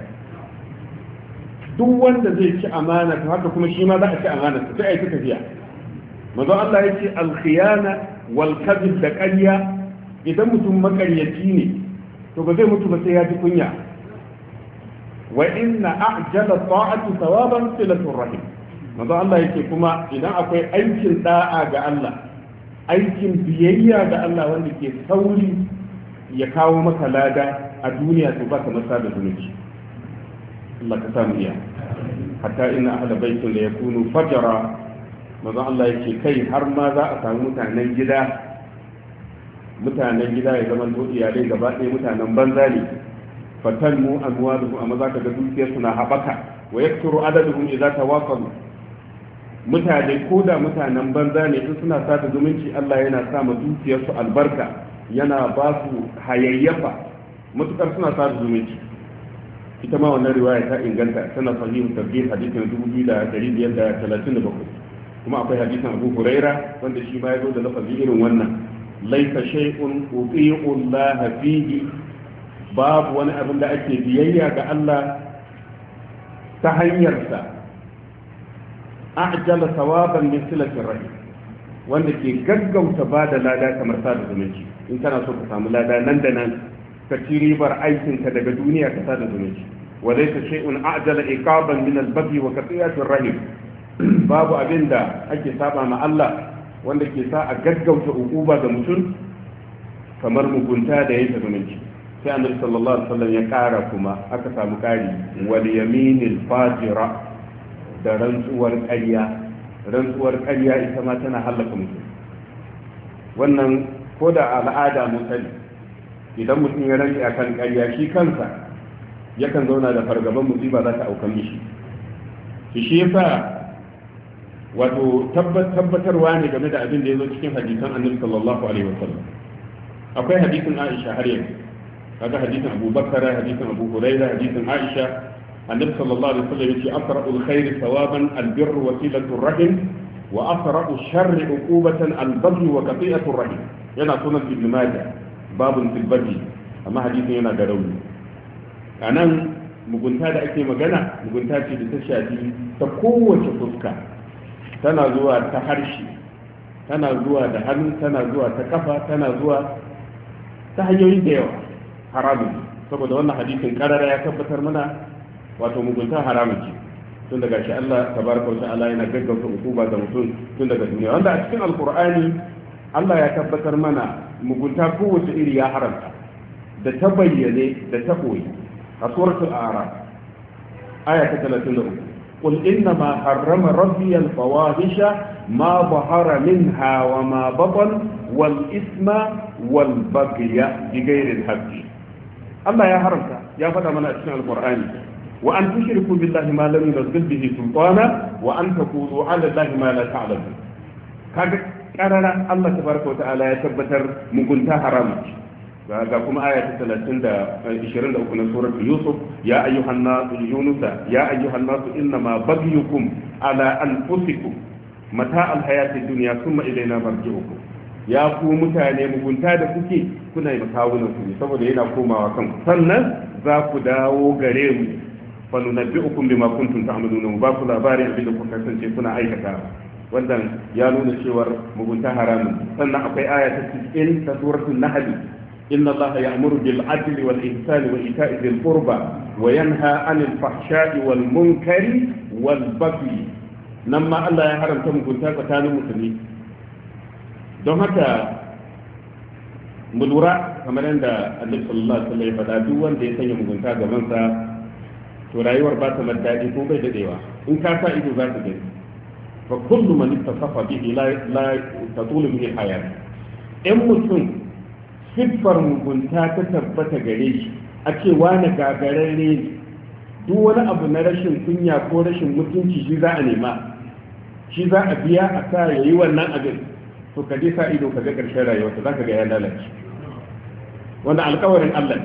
duk wanda zai ci amana ta haka kuma shi ma za a ci amana sai yi ta tafiya mazo Allah ya ce alkhiyana wal kadhib da ƙarya idan mutum makaryaci ne to ba zai mutu ba sai ya ji kunya wa inna a'jala ta'ati thawaban silatul rahim manzo Allah yake kuma idan akwai aikin da'a ga Allah aikin biyayya ga Allah wanda ke sauri ya kawo maka lada a duniya to baka masa da zunubi Allah ka samu iya hatta inna ahla baitin la yakunu fajara manzo Allah yake kai har ma za a samu mutanen gida mutanen gida ya zama to iyalai gaba ɗaya mutanen banza ne fatan mu amwaluhu amma ka ga dukiyar suna habaka wa yakturu adaduhum idza tawasalu mutane ko da mutanen banza ne in suna sata zumunci Allah yana sa ma dukiyar su albarka yana ba su hayayyafa mutukar suna sata zumunci ita ma wannan riwaya ta inganta tana sahihu tabbin hadisin 2537 kuma akwai hadisin Abu Huraira wanda shi ma ya zo da lafazi irin wannan laisa shay'un uti'u Allah fihi babu wani abin da ake biyayya ga Allah ta hanyarsa ajala sawaban min silatin wanda ke gaggauta ba da lada kamar sada zumunci in kana so ka samu lada nan da nan ka ci ribar aikinka daga duniya ka sada zumunci wa laysa shay'un ajala iqaban min al wa qati'atir rahim babu abin da ake saba ma Allah wanda ke sa a gaggauta ukuba ga mutum kamar mugunta da yin zumunci sai annabi sallallahu alaihi wasallam ya kara kuma aka samu kari wal yaminil fajira da rantsuwar ƙarya rantsuwar ƙarya ita ma tana halaka mutum wannan ko da al'ada mutane idan mutum ya rantsi akan ƙarya shi kansa yakan zauna da fargaban musiba za ta auka mishi shi yasa wato tabbatarwa ne game da abin da ya zo cikin hadisan annabi sallallahu alaihi wasallam akwai hadisin Aisha har yanzu kaga hadisin Abu Bakar hadisin Abu Hurairah hadisin Aisha annabi sallallahu alaihi wasallam yace asra'ul khair thawaban albirr wasilatu rahim wa asra'u sharri uqubatan albaghy wa qati'atu rahim yana sunan Ibn Majah babun fil baghy amma hadisin yana da rauni anan mugunta da ake magana mugunta ce da ta shafi ta kowace fuska tana zuwa ta harshe tana zuwa da hannu tana zuwa ta kafa tana zuwa ta hanyoyi da yawa haramun saboda wannan hadisin karara ya tabbatar mana wato mugunta haramun ce tun daga shi Allah tabaraka wa ta'ala yana gaggauta hukuma ga mutum tun daga duniya wanda a cikin alkur'ani Allah ya tabbatar mana mugunta kowace iri ya haramta da ta bayyane da ta koyi a suratul a'raf aya ta 33 قل إنما حرم ربي الفواحش ما ظهر منها wal بطن والإثم والبغي بغير الحق Allah ya haramta ya faɗa mana a cikin Alƙur'ani wa an tushriku billahi ma lam yunzil bihi sultana wa an taqulu ala allahi ma la ta'lamun kaga karara Allah tabaraka wa ta'ala ya tabbatar mugunta haramun ga kuma aya ta 30 da 23 eh, na surar Yusuf ya ayyuhan nasu yunusa ya ayyuhan nasu inna ma bagyukum ala anfusikum mata alhayati dunya thumma ilayna marji'ukum ya ku mutane mugunta da kuke kuna yi makawunan ku ne saboda yana komawa kanku sannan za ku dawo gare mu falunabbi'ukum bima kuntum mu. ba ku labarin abin da kuka kasance kuna aikata wannan ya nuna cewar mugunta haramun sannan akwai aya ta 90 ta suratul nahl إن الله يأمر بالعدل والإحسان وإيتاء ذي القربى وينهى عن الفحشاء والمنكر والبغي لما الله يحرم تم كنت تكون مسلمين don haka mulura kamar yadda annabi sallallahu alaihi wasallam ya faɗa duk wanda ya sanya mugunta ga mansa, to rayuwar ba ta mar daɗi ko bai dadewa in ka sa ido za ka gani fa kullu man tasaffa bihi la la tatulu bihi hayat in mutum siffar mugunta ta tabbata gare shi a ce wani gagararre ne duk wani abu na rashin kunya ko rashin mutunci shi za a nema shi za a biya a sa yayi wannan abin to ka je sa ido ka ga ƙarshen rayuwarsa za ka ga ya lalace wanda alkawarin Allah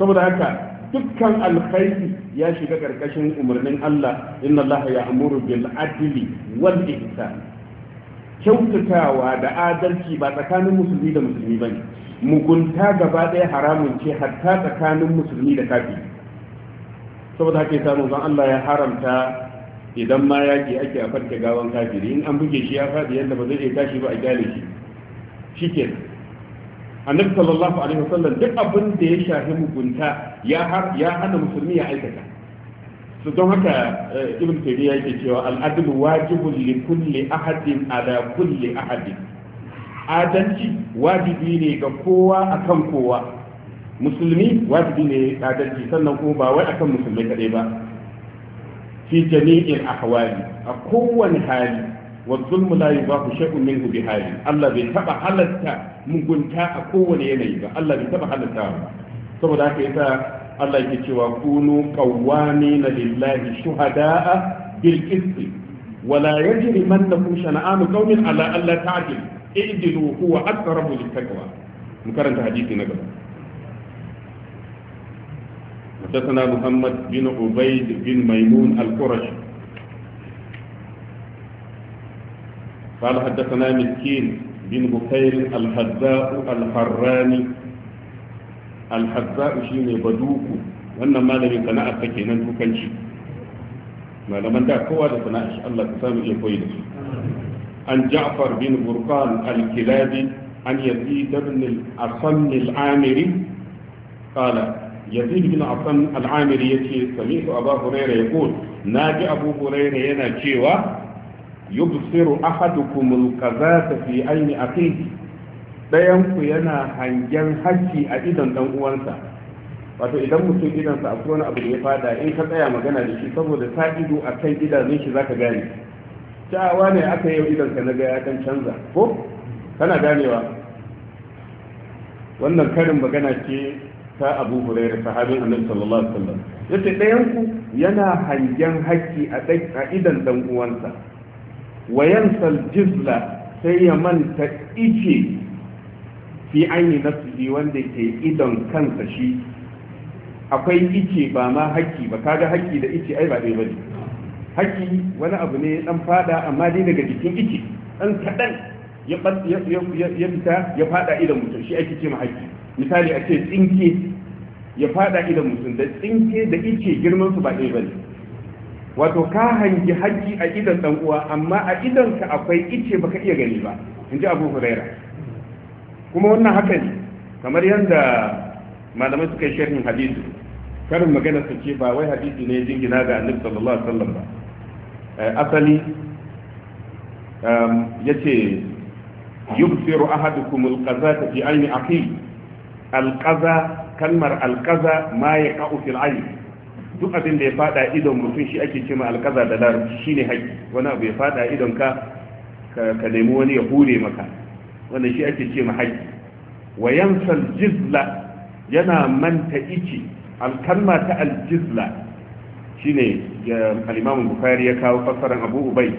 saboda haka dukkan alkhairi ya shiga ƙarƙashin umarnin Allah inna Allah ya amuru bil adli wal ihsan kyautatawa da adalci ba tsakanin musulmi da musulmi bane mugunta gaba ɗaya haramun ce hatta tsakanin musulmi da kafiri saboda haka samu manzon Allah ya haramta idan ma yaki ake a farke gawan kafiri in an buge shi ya faɗi yadda ba zai iya tashi ba a gyale shi shike annabi sallallahu alaihi wasallam duk abin da ya shafi mugunta ya hana musulmi ya aikata su don haka eh, ibn ya yake cewa al-adl wajibun li kulli ahadin ala kulli ahadin adalci wajibi ne ga kowa akan kowa musulmi wajibi ne adalci sannan kuma ba wai akan musulmai kadai ba fi jami'il ahwali a kowane hali wa zulmu la yubahu shay'un minhu bi hali Allah bai taba halatta mugunta a kowane yanayi ba Allah bai taba halarta ba saboda haka sa, Allah yake cewa kunu qawwamina lillahi shuhada'a bil qist ولا يجرمنكم شنآن قوم على ألا تعدلوا اعدلوا هو أقرب للتقوى مكرر حديثي نقبل حدثنا محمد بن عبيد بن ميمون القرشي قال حدثنا مسكين بن بخير الحذاء الحراني الحذاء شين بدوك وانا ما لم يكن kenan tukanci malaman da kowa da sana'ar shi Allah ta samu iya عن جعفر بن برقان الكلابي عن يزيد بن الأصم العامري قال yazid bin affan al'amiri yace sami'tu abu hurairah Na naji abu hurairah yana cewa yubsiru ahadukum al-qazata fi ayni akhihi dayan ku yana hangen haki a idan dan uwansa wato idan mutum idansa akwai wani abu da ya fada in ka tsaya magana da shi saboda ta ido a kan idanun shi zaka gane sha'awa ne aka yau idanka na ga ya dan canza ko kana ganewa wannan karin magana ce ta abu hurairu sahabin annabi sallallahu alaihi wasallam yace ɗayan ku yana hangen haƙƙi a idan dan uwansa wa yansal jizla sai ya manta ice fi aini nafsihi wanda ke idan kansa shi akwai ice ba ma haƙƙi ba kaga haƙƙi da ice ai ba dai bane haƙƙi wani abu ne dan fada amma dai daga jikin ice dan kadan ya fita ya fada idan mutum shi ake ce ma haƙƙi misali a ce tsinke ya fada idan mutum da tsinke da ice girman su ba ɗaya bane wato ka hangi haji a idan dan uwa amma a idan ka akwai ice baka iya gani ba in ji abu huraira kuma wannan haka ne kamar yadda malamai suka yi sharhin hadisi karin magana su ce ba wai hadisi ne jingina ga annabi sallallahu alaihi wasallam ba eh, asali um, yace yubsiru ahadukum alqazata fi ayni akhihi alƙaza kalmar alƙaza ma ya ka'u fil ayn duk abin da ya fada idon mutum shi ake cewa alƙaza da larabci shine haƙi wani abu ya fada idon ka ka nemi wani ya hure maka wanda shi ake ce ma haƙi wa yansal jizla yana manta ici alkalma ta aljizla shine al-Imam Bukhari ya kawo fassaran Abu Ubay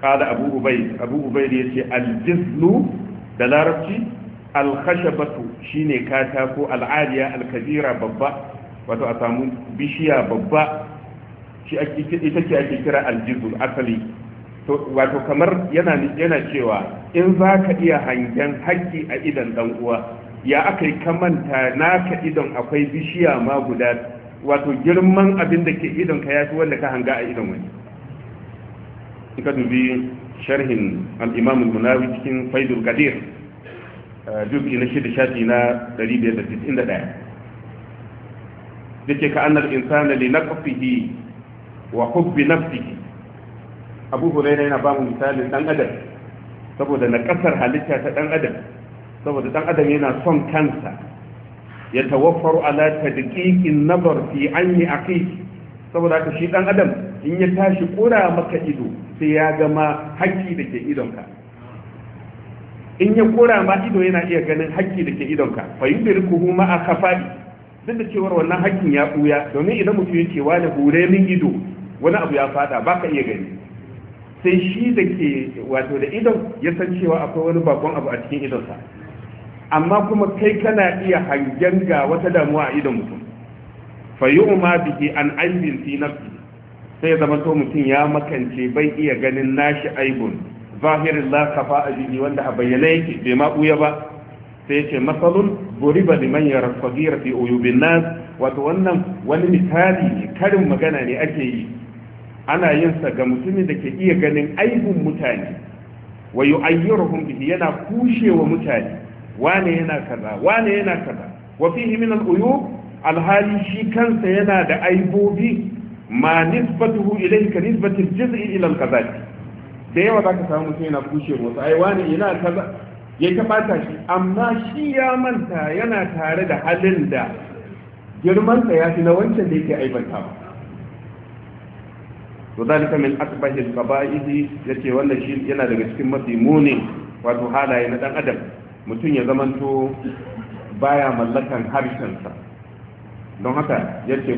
kada Abu Ubay Abu Ubay ya ce aljizlu da larabci alkhashabatu shine katako al'adiya alkabira babba wato a samu bishiya babba ita ce ake kira aljizul asali wato kamar yana cewa in za ka iya hangen haƙƙi a idan dan uwa ya aka yi kamanta naka idan akwai bishiya ma guda wato girman abin da ke idan ka yafi wanda ka hanga a idan wani in ka dubi sharhin al-imam munawi cikin faidul qadir juzi na shida shafi na 591 yake ka annal insana li naqfihi yana ba mu misalin dan halitta ta dan adam saboda dan adam yana son kansa ya tawaffaru ala tadqiqin nazar fi anni aqiqi saboda haka shi dan adam in ya tashi kura maka ido sai ya gama haƙƙi da ke idonka in ya kora ma ido yana iya ganin hakki da ke idonka fa yudrikuhu ma akhafai duk da cewar wannan hakkin ya buya domin idan mutum ya ce wani hure min ido wani abu ya fada baka iya gani sai shi da ke wato da idon ya san cewa akwai wani bakon abu a cikin idonsa amma kuma kai kana iya hangen ga wata damuwa a idon mutum fa yu'ma bihi an aibin fi nafsi sai zama to mutum ya makance bai iya ganin nashi aibun zahirin lakafa a ajihi wanda a bayyana yake bai ma ba sai ce matsalun buriba liman yara sagira fi uyubin nas wato wannan wani misali ne karin magana ne ake yi ana yin sa ga mutumin da ke iya ganin aibun mutane wa yu'ayyiruhum bihi yana kushewa mutane wane yana kaza wane yana kaza wa fihi alhali shi kansa yana da aibobi ma nisbatuhu ilayka nisbatul juz'i ila al-kazati da yawa za ka samu mutum yana kushe wasu ai wani ina za ya ta bata shi amma shi ya manta yana tare da halin da girmansa ya fi na wancan da yake ba to zalika min akbahil qaba'idi yace wannan shi yana daga cikin mafi muni wato halaye na dan adam mutum ya zamanto baya mallakan harshensa don haka yace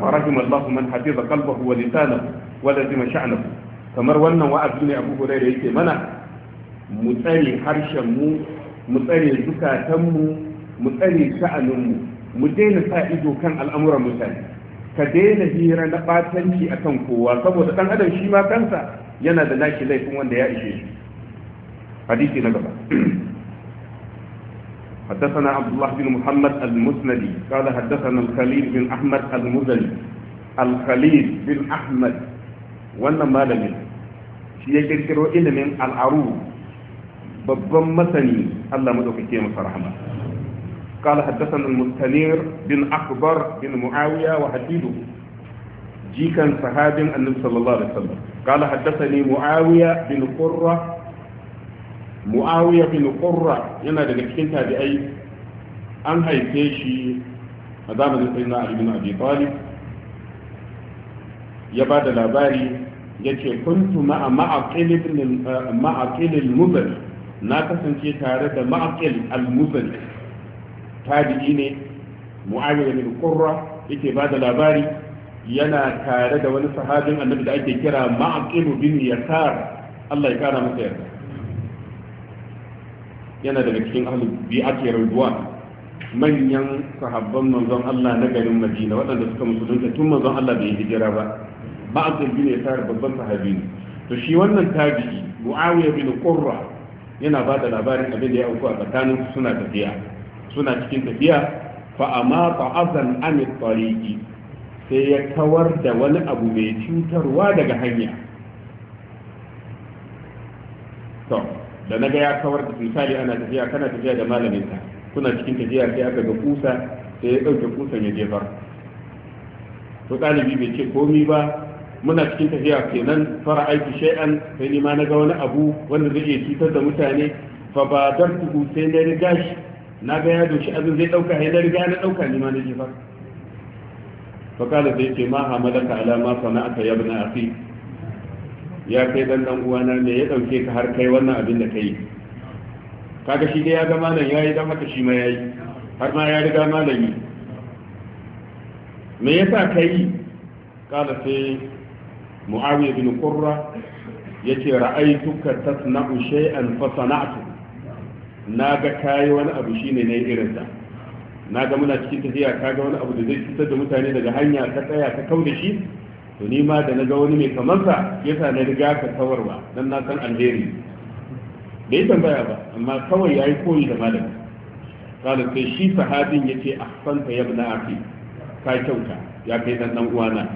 farahim Allah man hafiza qalbahu wa lisanahu wa lazima sha'nahu kamar wannan wa'azi ne abu da yake mana mu tsare harshen mu mu tsare zukatan mu mu tsare sha'anin mu mu daina sa ido kan al'amuran mutane ka daina hira na batanci akan kowa saboda dan adam shi ma kansa yana da nashi laifin wanda ya ishe shi hadisi na gaba حدثنا عبد الله بن محمد المسندي قال حدثنا الخليل بن احمد المزني الخليل بن احمد wannan malamin shi ya kirkiro ilimin al'aru babban masani Allah madaukake masa rahama قال حدثنا المستنير بن أكبر بن معاوية وحديده جيكا صحابي النبي صلى الله عليه وسلم قال حدثني معاوية بن قرة bin qurra yana daga cikin tabi'ai an haife shi a zamanin sayyidina ali bin abi talib ya ba da labari yace kuntu ma'a ma'aqil ibn eh, ma'aqil al-mubal na kasance tare da ma'aqil al-mubal tabi'i ne mu'awiya bin qurra yake ba da labari yana tare da wani sahabin annabi da ake kira ma'aqil bin yasar Allah ya kara masa yarda yana daga cikin ahlul bi'ati ridwan manyan sahabban manzon Allah na garin Madina waɗanda suka musulunta tun manzon Allah bai hijira ba ma'adul bin yasar babban sahabi to shi wannan tabi'i muawiya bin qurra yana ba da labarin abin da ya auku a tsakanin suna tafiya suna cikin tafiya fa amata azan an tariqi sai ya kawar da wani abu mai cutarwa daga hanya to da naga ya kawar da misali ana tafiya kana tafiya da malamin ka kuna cikin tafiya sai aka ga kusa sai ya dauke kusan ya jefar to ɗalibi bai ce komi ba muna cikin tafiya kenan fara aiki shay'an sai ni ma na ga wani abu wanda zai iya cutar da mutane fa ba dan tuku sai na riga shi na ga ya doshi abin zai dauka sai na riga na dauka ni ma na jefa fa kala zai ce ma malaka ala ma sana'aka ya ibn afi ya kai dan dan uwana ne ya dauke ka har kai wannan abin da kai kaga shi dai ya ga malam yayi dan haka shi ma yayi har ma ya riga malami me yasa kai kala sai muawiya bin qurra yace ra'aytuka tasna'u shay'an fa sana'tu naga kai wani abu shine ne irin sa naga muna cikin tafiya kaga wani abu da zai cutar da mutane daga hanya ta tsaya ta kau da shi to ni ma da naga wani mai kamar sa yasa na riga ka kawarwa dan na san alheri bai tambaya ba amma kawai yayi koyi da malami kala sai shi sahabin yace ahsanta ya ibn akhi ka kyauta ya kai dan dan uwana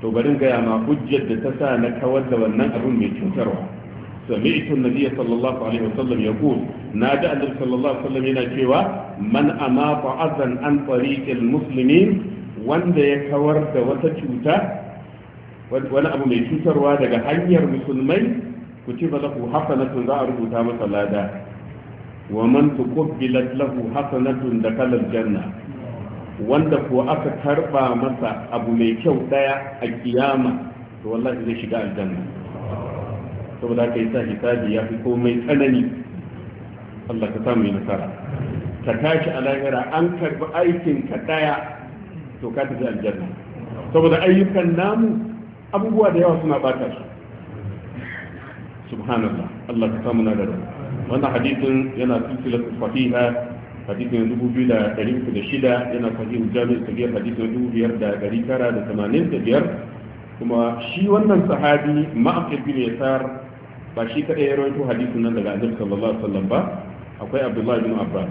to barin gaya ma hujjar da ta sa na kawar da wannan abin mai cutarwa سمعت النبي صلى الله عليه وسلم يقول نادى النبي صلى الله عليه وسلم هنا cewa man amata azan an tariqil muslimin wanda ya kawar da wata cuta wani abu mai cutarwa daga hanyar musulmai ku ci ba lahu hasanatun za a rubuta masa lada wa man tuqabbilat lahu hasanatun janna wanda ko aka karba masa abu mai kyau daya a kiyama to wallahi zai shiga aljanna saboda ka yi sa hisabi ya fi komai tsanani Allah ka samu nasara ka tashi a lahira an karbi aikin ka daya to ka tafi aljanna saboda ayyukan namu abubuwa da yawa suna bata su subhanallah Allah ka samu nagari. wannan hadisin yana silsilatu sahiha hadisi na biyu da ɗari uku da shida yana sahihu jami'in kabiyar hadisi na biyar da ɗari tara da tamanin da biyar kuma shi wannan sahabi ma'afir bin yasar ba shi kaɗai ya rawaito hadisin nan daga annabi sallallahu alaihi wasallam ba akwai abdullahi bin abbas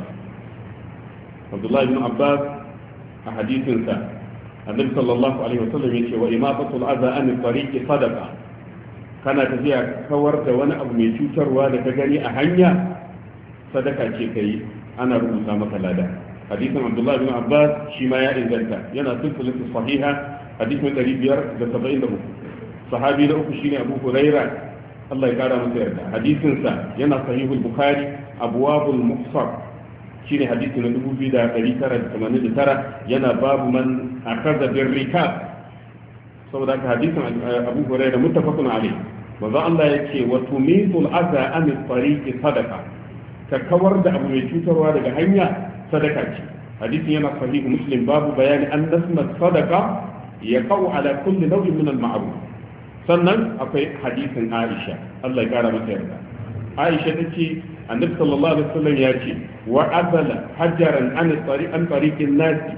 abdullahi bin abbas a hadisinsa annabi sallallahu alaihi wasallam ce wa imatatul adha an tariqi sadaqa kana tafiya kawar da wani abu mai cutarwa da ka gani a hanya sadaka ce yi. ana rubuta maka lada hadisin abdullahi bin abbas shi ma ya inganta yana silsilatu sahiha hadisin 573 sahabi na uku shine abu huraira Allah ya kara masa yarda hadisin sa yana sahihul bukhari abu abwabul muhsar shine hadisi na dubu biyu da da da tara tamanin tara yana babu man akaza bin rikab saboda haka hadisin eh, abu huraira muttafaqun alayh manzo Allah ya yake wa tumitul aza an tariqi sadaka. Ka kawar da abu mai cutarwa daga hanya sadaka ce hadisin yana sahihu muslim babu bayani an nasna sadaka ya kawo ala kulli nau'in min al sannan akwai hadisin Aisha Allah ya kara mata yarda Aisha tace annabi sallallahu alaihi wasallam ya ce wa abala hajaran an tsari an tariqin nasi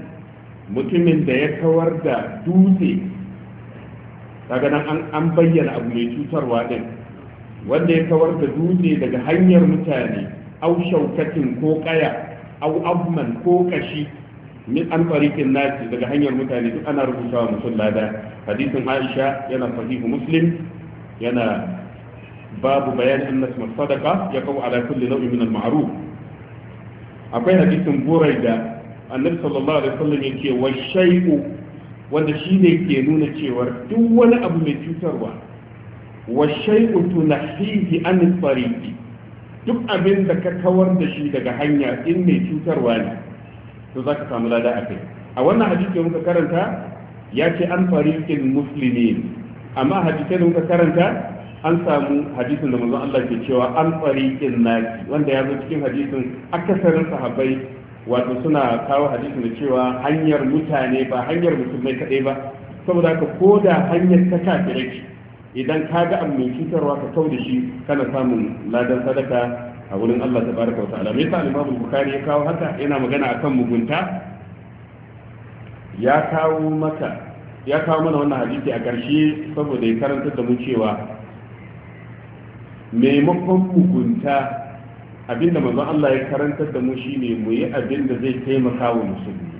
mutumin da ya kawar da dutse daga nan an an bayyana abu mai cutarwa din wanda ya kawar da dutse daga hanyar mutane au shaukatin ko kaya au abman ko kashi min an farikin nasi daga hanyar mutane duk ana rubuta wa lada hadisin Aisha yana sahihu Muslim yana babu bayan annas masadaka ya kawo ala kulli nau'in min al akwai hadisin buraida annabi sallallahu alaihi wasallam yake wa shay'u wanda shine ke nuna cewa duk wani abu mai cutarwa wa shay'u tunahihi an fariki. duk abin da ka kawar da shi daga hanya in mai cutarwa ne to za ka samu lada a kai a wannan hadisi muka karanta ya ce an farikin musulmi amma hadisai da muka karanta an samu hadisin da manzon Allah ke cewa an farikin naki wanda ya zo cikin hadisin akasarin sahabbai wato suna kawo hadisin da cewa hanyar mutane ba hanyar musulmai kaɗai ba saboda haka ko da hanyar ta kafirai idan ka ga abu mai cutarwa ka kau da shi kana samun ladan sadaka a wurin Allah Ta wa ta'ala me yasa Imam Bukhari ya kawo haka yana magana akan mugunta ya kawo maka ya kawo mana wannan hadisi a ƙarshe saboda ya karanta da mu cewa maimakon mugunta abinda manzon Allah ya karanta da mu shine mu yi abinda zai taimaka wa musulmi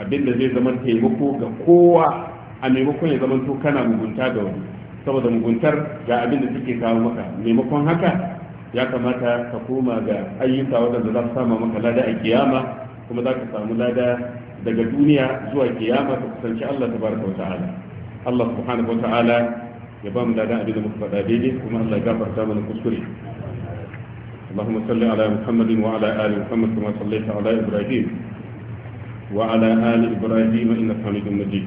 abinda zai zama taimako ga kowa a maimakon ya zama to kana mugunta da wani saboda muguntar ga abin da suke kawo maka maimakon haka ya kamata ka koma ga ayyuka waɗanda za su sama maka lada a kiyama kuma za ka samu lada daga duniya zuwa kiyama ka kusanci Allah tabaraka wa ta'ala Allah subhanahu wa ta'ala ya ba mu lada abin da muka faɗa daidai kuma Allah ya gafarta mana kuskure اللهم صل على محمد وعلى آل محمد كما صليت على إبراهيم وعلى آل إبراهيم إنك حميد مجيد